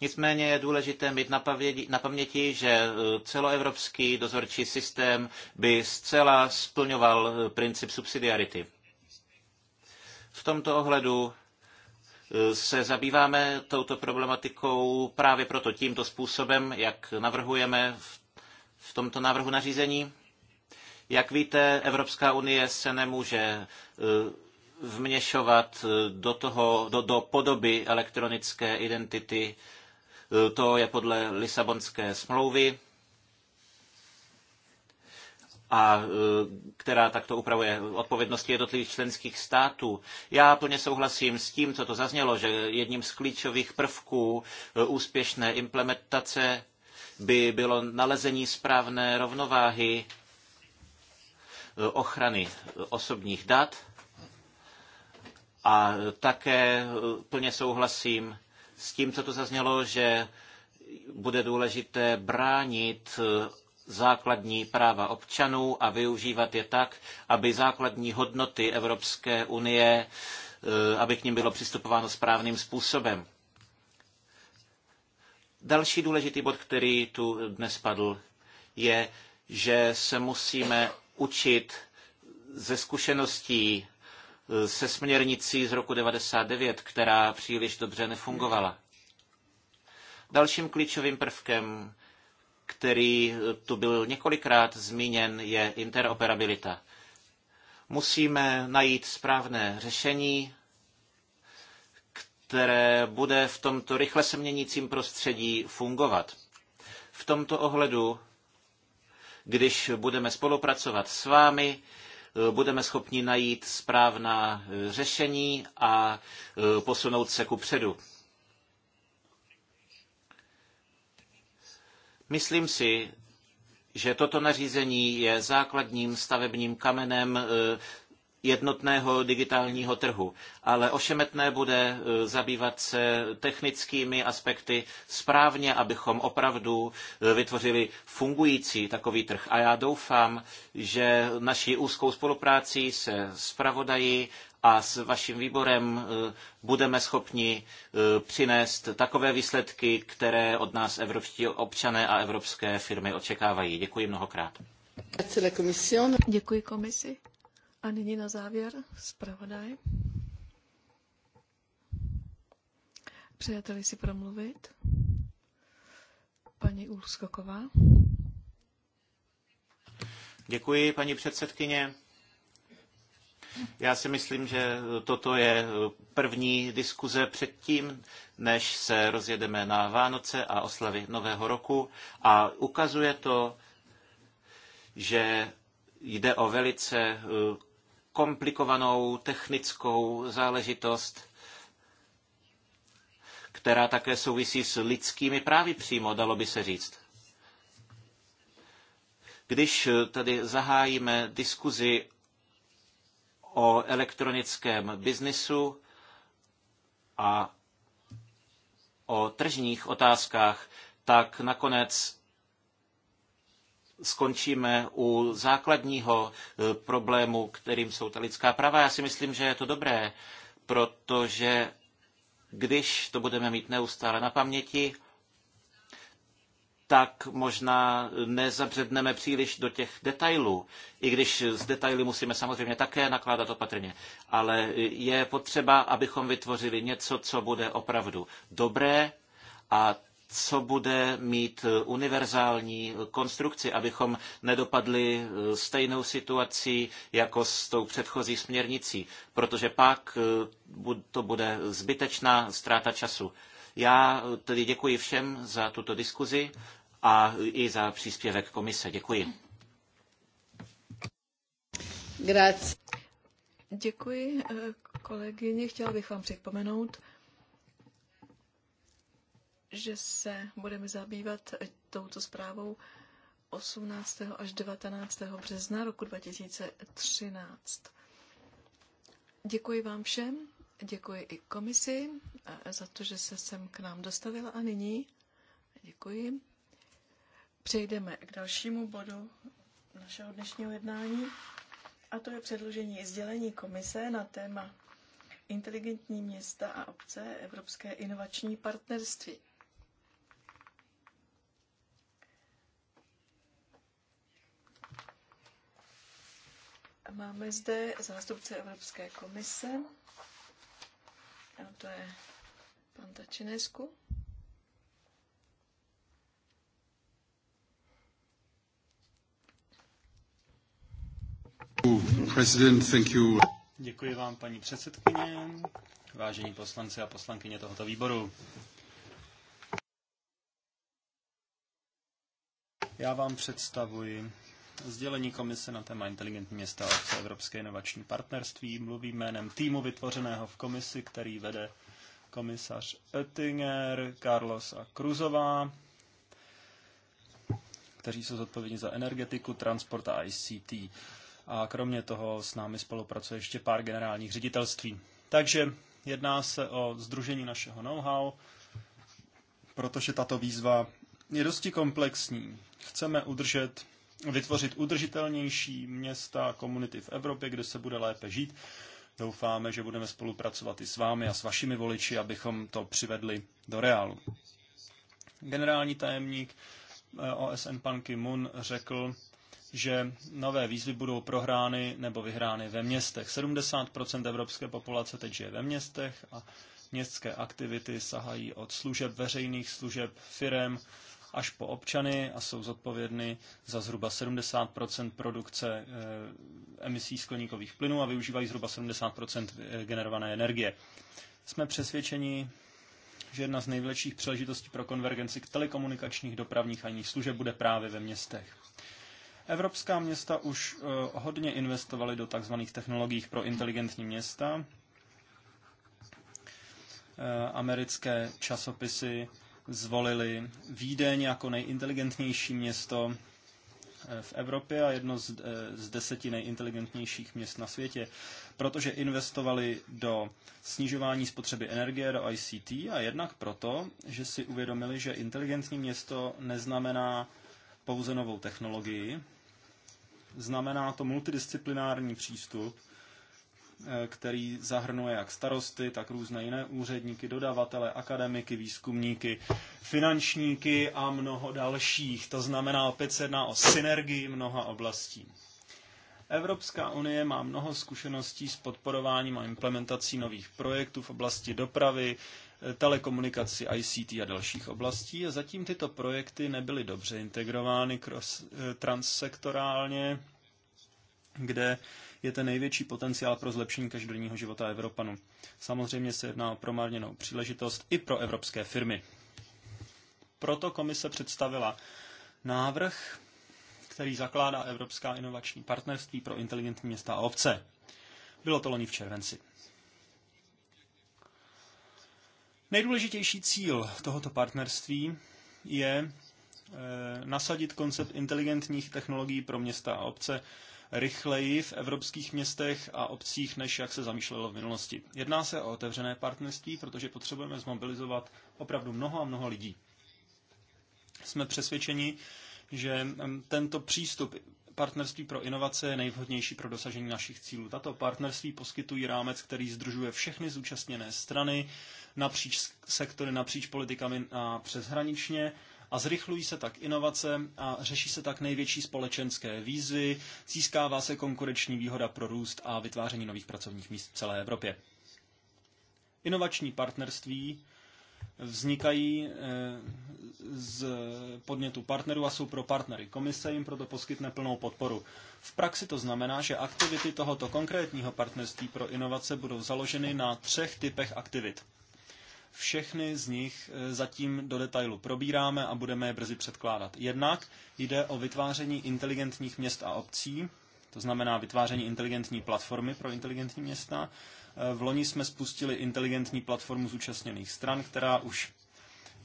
Nicméně je důležité mít na, na paměti, že eh, celoevropský dozorčí systém by zcela splňoval princip subsidiarity. V tomto ohledu se zabýváme touto problematikou právě proto tímto způsobem, jak navrhujeme v tomto návrhu nařízení. Jak víte, Evropská unie se nemůže e, vměšovat e, do, toho, do, do podoby elektronické identity. E, to je podle Lisabonské smlouvy a eh, která takto upravuje odpovědnosti jednotlivých členských států. Já plně souhlasím s tím, co to zaznělo, že jedním z klíčových prvků eh, úspěšné implementace by bylo nalezení správné rovnováhy eh, ochrany osobních dat a také plně souhlasím s tím, co to zaznělo, že bude důležité bránit základní práva občanů a využívat je tak, aby základní hodnoty Evropské unie, e, aby k ním bylo přistupováno správným způsobem. Další důležitý bod, který tu dnes padl, je, že se musíme učit ze zkušeností e, se směrnicí z roku 99, která příliš dobře nefungovala. Dalším klíčovým prvkem který eh, tu byl několikrát zmíněn, je interoperabilita. Musíme najít správné řešení, které bude v tomto rychle se měnícím prostředí fungovat. V tomto ohledu, když budeme spolupracovat s vámi, eh, budeme schopni najít správná eh, řešení a posunout se ku předu. Myslím si, že toto nařízení je základním stavebním kamenem eh, jednotného digitálního trhu, ale ošemetné bude eh, zabývat se technickými aspekty správně, abychom opravdu eh, vytvořili fungující takový trh. A já doufám, že naší úzkou spoluprácí se spravodají a s vaším výborem eh, budeme schopni eh, přinést takové výsledky, které od nás evropští občané a evropské firmy očekávají. Děkuji mnohokrát. Děkuji komisi. A nyní na závěr zpravodaj. přejete si promluvit? Paní Ulskoková. Děkuji, paní předsedkyně. Já si myslím, že toto je první diskuze předtím, než se rozjedeme na Vánoce a oslavy Nového roku a ukazuje to, že jde o velice eh, komplikovanou technickou záležitost, která také souvisí s lidskými právy přímo, dalo by se říct. Když eh, tady zahájíme diskuzi o elektronickém biznisu a o tržních otázkách, tak nakonec skončíme u základního eh, problému, kterým jsou ta lidská práva. Já si myslím, že je to dobré, protože když to budeme mít neustále na paměti, tak možná nezabředneme příliš do těch detailů, i když z detaily musíme samozřejmě také nakládat opatrně, ale je potřeba, abychom vytvořili něco, co bude opravdu dobré a co bude mít univerzální konstrukci, abychom nedopadli stejnou situací jako s tou předchozí směrnicí, protože pak to bude zbytečná ztráta času. Já tedy děkuji všem za tuto diskuzi a i za příspěvek komise. Děkuji. Grazie. Děkuji kolegyně. Chtěla bych vám připomenout, že se budeme zabývat touto zprávou 18. až 19. března roku 2013. Děkuji vám všem Děkuji i komisi eh, za to, že se sem k nám dostavila a nyní děkuji. Přejdeme k dalšímu bodu našeho dnešního jednání a to je předložení sdělení komise na téma inteligentní města a obce Evropské inovační partnerství. Máme zde zástupce Evropské komise a to je pan Tačinesku. Děkuji vám, paní předsedkyně, vážení poslanci a poslankyně tohoto výboru. Já vám představuji sdělení komise na téma inteligentní města a obce Evropské inovační partnerství. Mluví jménem týmu vytvořeného v komisi, který vede komisař Oettinger, Carlos a Kruzová, kteří jsou zodpovědní za energetiku, transport a ICT. A kromě toho s námi spolupracuje ještě pár generálních ředitelství. Takže jedná se o združení našeho know-how, protože tato výzva je dosti komplexní. Chceme udržet vytvořit udržitelnější města, komunity v Evropě, kde se bude lépe žít. Doufáme, že budeme spolupracovat i s vámi a s vašimi voliči, abychom to přivedli do reálu. Generální tajemník eh, OSN pan Ki-moon řekl, že nové výzvy budou prohrány nebo vyhrány ve městech. 70% evropské populace teď žije ve městech a městské aktivity sahají od služeb, veřejných služeb, firem, až po občany a jsou zodpovědny za zhruba 70 produkce eh, emisí skleníkových plynů a využívají zhruba 70 eh, generované energie. Jsme přesvědčeni, že jedna z největších příležitostí pro konvergenci k telekomunikačních, dopravních a jiných služeb bude právě ve městech. Evropská města už eh, hodně investovaly do tzv. technologií pro inteligentní města. Americké časopisy zvolili Vídeň jako nejinteligentnější město eh, v Evropě a jedno z, eh, z deseti nejinteligentnějších měst na světě, protože investovali do snižování spotřeby energie, do ICT a jednak proto, že si uvědomili, že inteligentní město neznamená pouze novou technologii, znamená to multidisciplinární přístup, Eh, který zahrnuje jak starosty, tak různé jiné úředníky, dodavatele, akademiky, výzkumníky, finančníky a mnoho dalších. To znamená, opět se jedná o synergii mnoha oblastí. Evropská unie má mnoho zkušeností s podporováním a implementací nových projektů v oblasti dopravy, eh, telekomunikaci, ICT a dalších oblastí. a Zatím tyto projekty nebyly dobře integrovány eh, transsektorálně, kde je ten největší potenciál pro zlepšení každodenního života Evropanů. Samozřejmě se jedná o promárněnou příležitost i pro evropské firmy. Proto komise představila návrh, který zakládá Evropská inovační partnerství pro inteligentní města a obce. Bylo to loni v červenci. Nejdůležitější cíl tohoto partnerství je eh, nasadit koncept inteligentních technologií pro města a obce rychleji v evropských městech a obcích, než jak se zamýšlelo v minulosti. Jedná se o otevřené partnerství, protože potřebujeme zmobilizovat opravdu mnoho a mnoho lidí. Jsme přesvědčeni, že tento přístup partnerství pro inovace je nejvhodnější pro dosažení našich cílů. Tato partnerství poskytují rámec, který združuje všechny zúčastněné strany napříč sektory, napříč politikami a přeshraničně a zrychlují se tak inovace a řeší se tak největší společenské výzvy, získává se konkurenční výhoda pro růst a vytváření nových pracovních míst v celé Evropě. Inovační partnerství vznikají eh, z podnětu partnerů a jsou pro partnery. Komise jim proto poskytne plnou podporu. V praxi to znamená, že aktivity tohoto konkrétního partnerství pro inovace budou založeny na třech typech aktivit. Všechny z nich eh, zatím do detailu probíráme a budeme je brzy předkládat. Jednak jde o vytváření inteligentních měst a obcí, to znamená vytváření inteligentní platformy pro inteligentní města. Eh, v loni jsme spustili inteligentní platformu zúčastněných stran, která už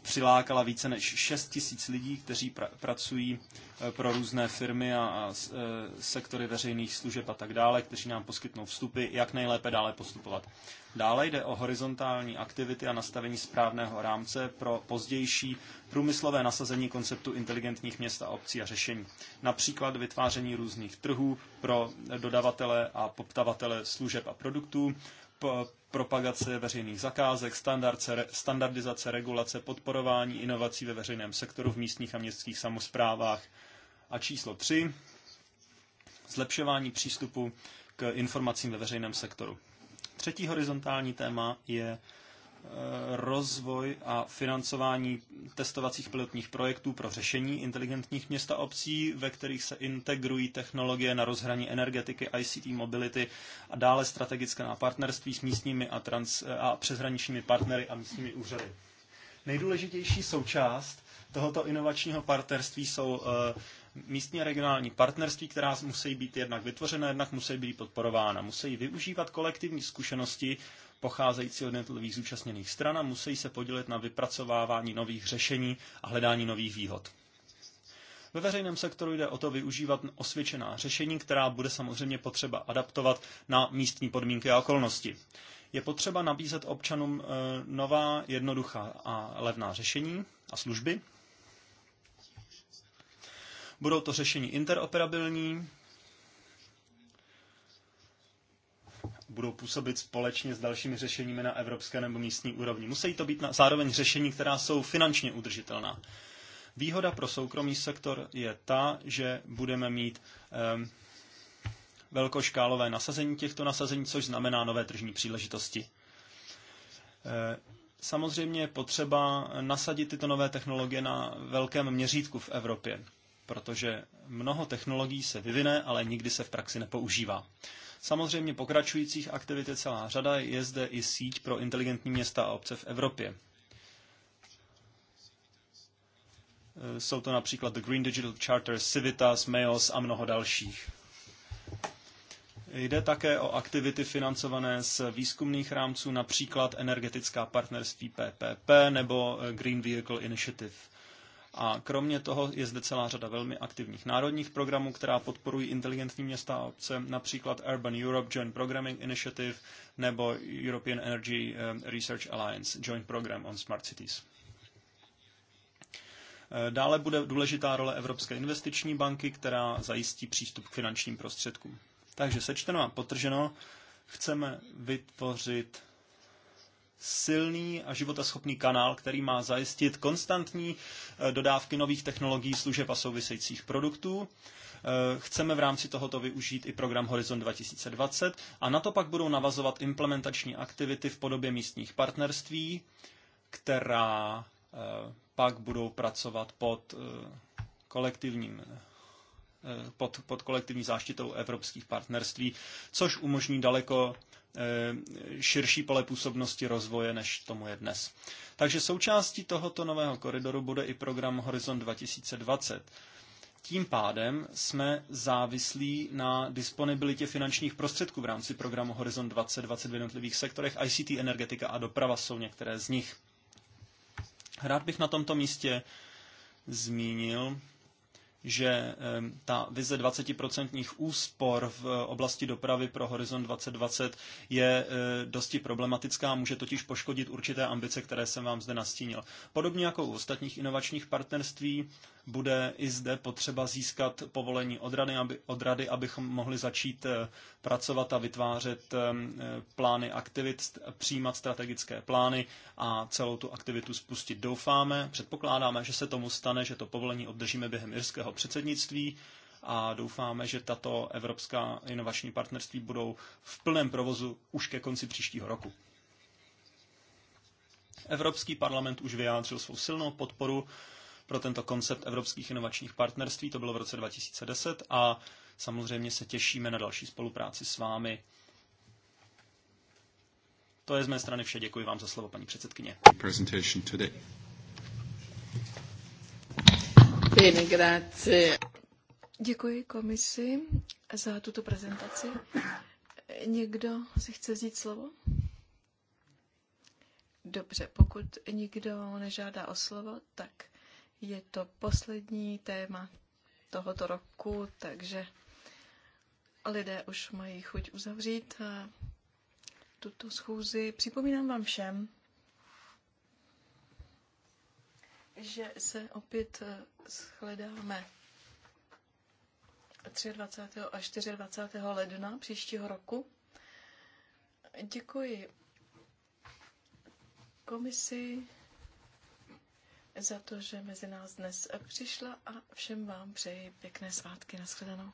přilákala více než 6 tisíc lidí, kteří pra- pracují e, pro různé firmy a, a e, sektory veřejných služeb a tak dále, kteří nám poskytnou vstupy, jak nejlépe dále postupovat. Dále jde o horizontální aktivity a nastavení správného rámce pro pozdější průmyslové nasazení konceptu inteligentních měst a obcí a řešení. Například vytváření různých trhů pro dodavatele a poptavatele služeb a produktů, propagace veřejných zakázek, standardizace, regulace, podporování inovací ve veřejném sektoru v místních a městských samozprávách. A číslo 3, zlepšování přístupu k informacím ve veřejném sektoru. Třetí horizontální téma je Eh, rozvoj a financování testovacích pilotních projektů pro řešení inteligentních měst a obcí, ve kterých se integrují technologie na rozhraní energetiky, ICT, mobility a dále strategické na partnerství s místními a, trans, eh, a přeshraničními partnery a místními úřady. Nejdůležitější součást tohoto inovačního partnerství jsou eh, místní a regionální partnerství, která musí být jednak vytvořena, jednak musí být podporována. Musí využívat kolektivní zkušenosti pocházející od jednotlivých zúčastněných stran a musí se podílet na vypracovávání nových řešení a hledání nových výhod. Ve veřejném sektoru jde o to využívat osvědčená řešení, která bude samozřejmě potřeba adaptovat na místní podmínky a okolnosti. Je potřeba nabízet občanům e, nová, jednoduchá a levná řešení a služby. Budou to řešení interoperabilní, budou působit společně s dalšími řešeními na evropské nebo místní úrovni. Musí to být na, zároveň řešení, která jsou finančně udržitelná. Výhoda pro soukromý sektor je ta, že budeme mít um, velkoškálové nasazení těchto nasazení, což znamená nové tržní příležitosti. Eh, samozřejmě je potřeba nasadit tyto nové technologie na velkém měřítku v Evropě, protože mnoho technologií se vyvine, ale nikdy se v praxi nepoužívá. Samozřejmě pokračujících aktivit je celá řada, je zde i síť pro inteligentní města a obce v Evropě. E, jsou to například The Green Digital Charter, Civitas, MEOS a mnoho dalších. Jde také o aktivity financované z výzkumných rámců, například energetická partnerství PPP nebo Green Vehicle Initiative. A kromě toho je zde celá řada velmi aktivních národních programů, která podporují inteligentní města a obce, například Urban Europe Joint Programming Initiative nebo European Energy eh, Research Alliance Joint Program on Smart Cities. Eh, dále bude důležitá role Evropské investiční banky, která zajistí přístup k finančním prostředkům. Takže sečteno a potrženo, chceme vytvořit silný a životaschopný kanál, který má zajistit konstantní eh, dodávky nových technologií, služeb a souvisejících produktů. Eh, chceme v rámci tohoto využít i program Horizon 2020 a na to pak budou navazovat implementační aktivity v podobě místních partnerství, která eh, pak budou pracovat pod kolektivním pod, pod kolektivní záštitou evropských partnerství, což umožní daleko Eh, širší pole působnosti rozvoje, než tomu je dnes. Takže součástí tohoto nového koridoru bude i program Horizon 2020. Tím pádem jsme závislí na disponibilitě finančních prostředků v rámci programu Horizon 2020 v jednotlivých sektorech. ICT, energetika a doprava jsou některé z nich. Rád bych na tomto místě zmínil že ta vize 20% úspor v eh, oblasti dopravy pro Horizon 2020 je eh, dosti problematická, a může totiž poškodit určité ambice, které jsem vám zde nastínil. Podobně jako u ostatních inovačních partnerství, bude i zde potřeba získat povolení od rady, aby, od rady abychom mohli začít eh, pracovat a vytvářet eh, plány aktivit, přijímat strategické plány a celou tu aktivitu spustit. Doufáme, předpokládáme, že se tomu stane, že to povolení obdržíme během irského předsednictví a doufáme, že tato evropská inovační partnerství budou v plném provozu už ke konci příštího roku. Evropský parlament už vyjádřil svou silnou podporu pro tento koncept evropských inovačních partnerství. To bylo v roce 2010 a samozřejmě se těšíme na další spolupráci s vámi. To je z mé strany vše. Děkuji vám za slovo, paní předsedkyně. Děkuji komisi za tuto prezentaci. Někdo si chce vzít slovo? Dobře, pokud nikdo nežádá o slovo, tak je to poslední téma tohoto roku, takže lidé už mají chuť uzavřít eh, tuto schůzi. Připomínám vám všem, že se opět eh, shledáme 23. a 24. ledna příštího roku. Děkuji komisi za to, že mezi nás dnes přišla a všem vám přeji pěkné svátky. Naschledanou.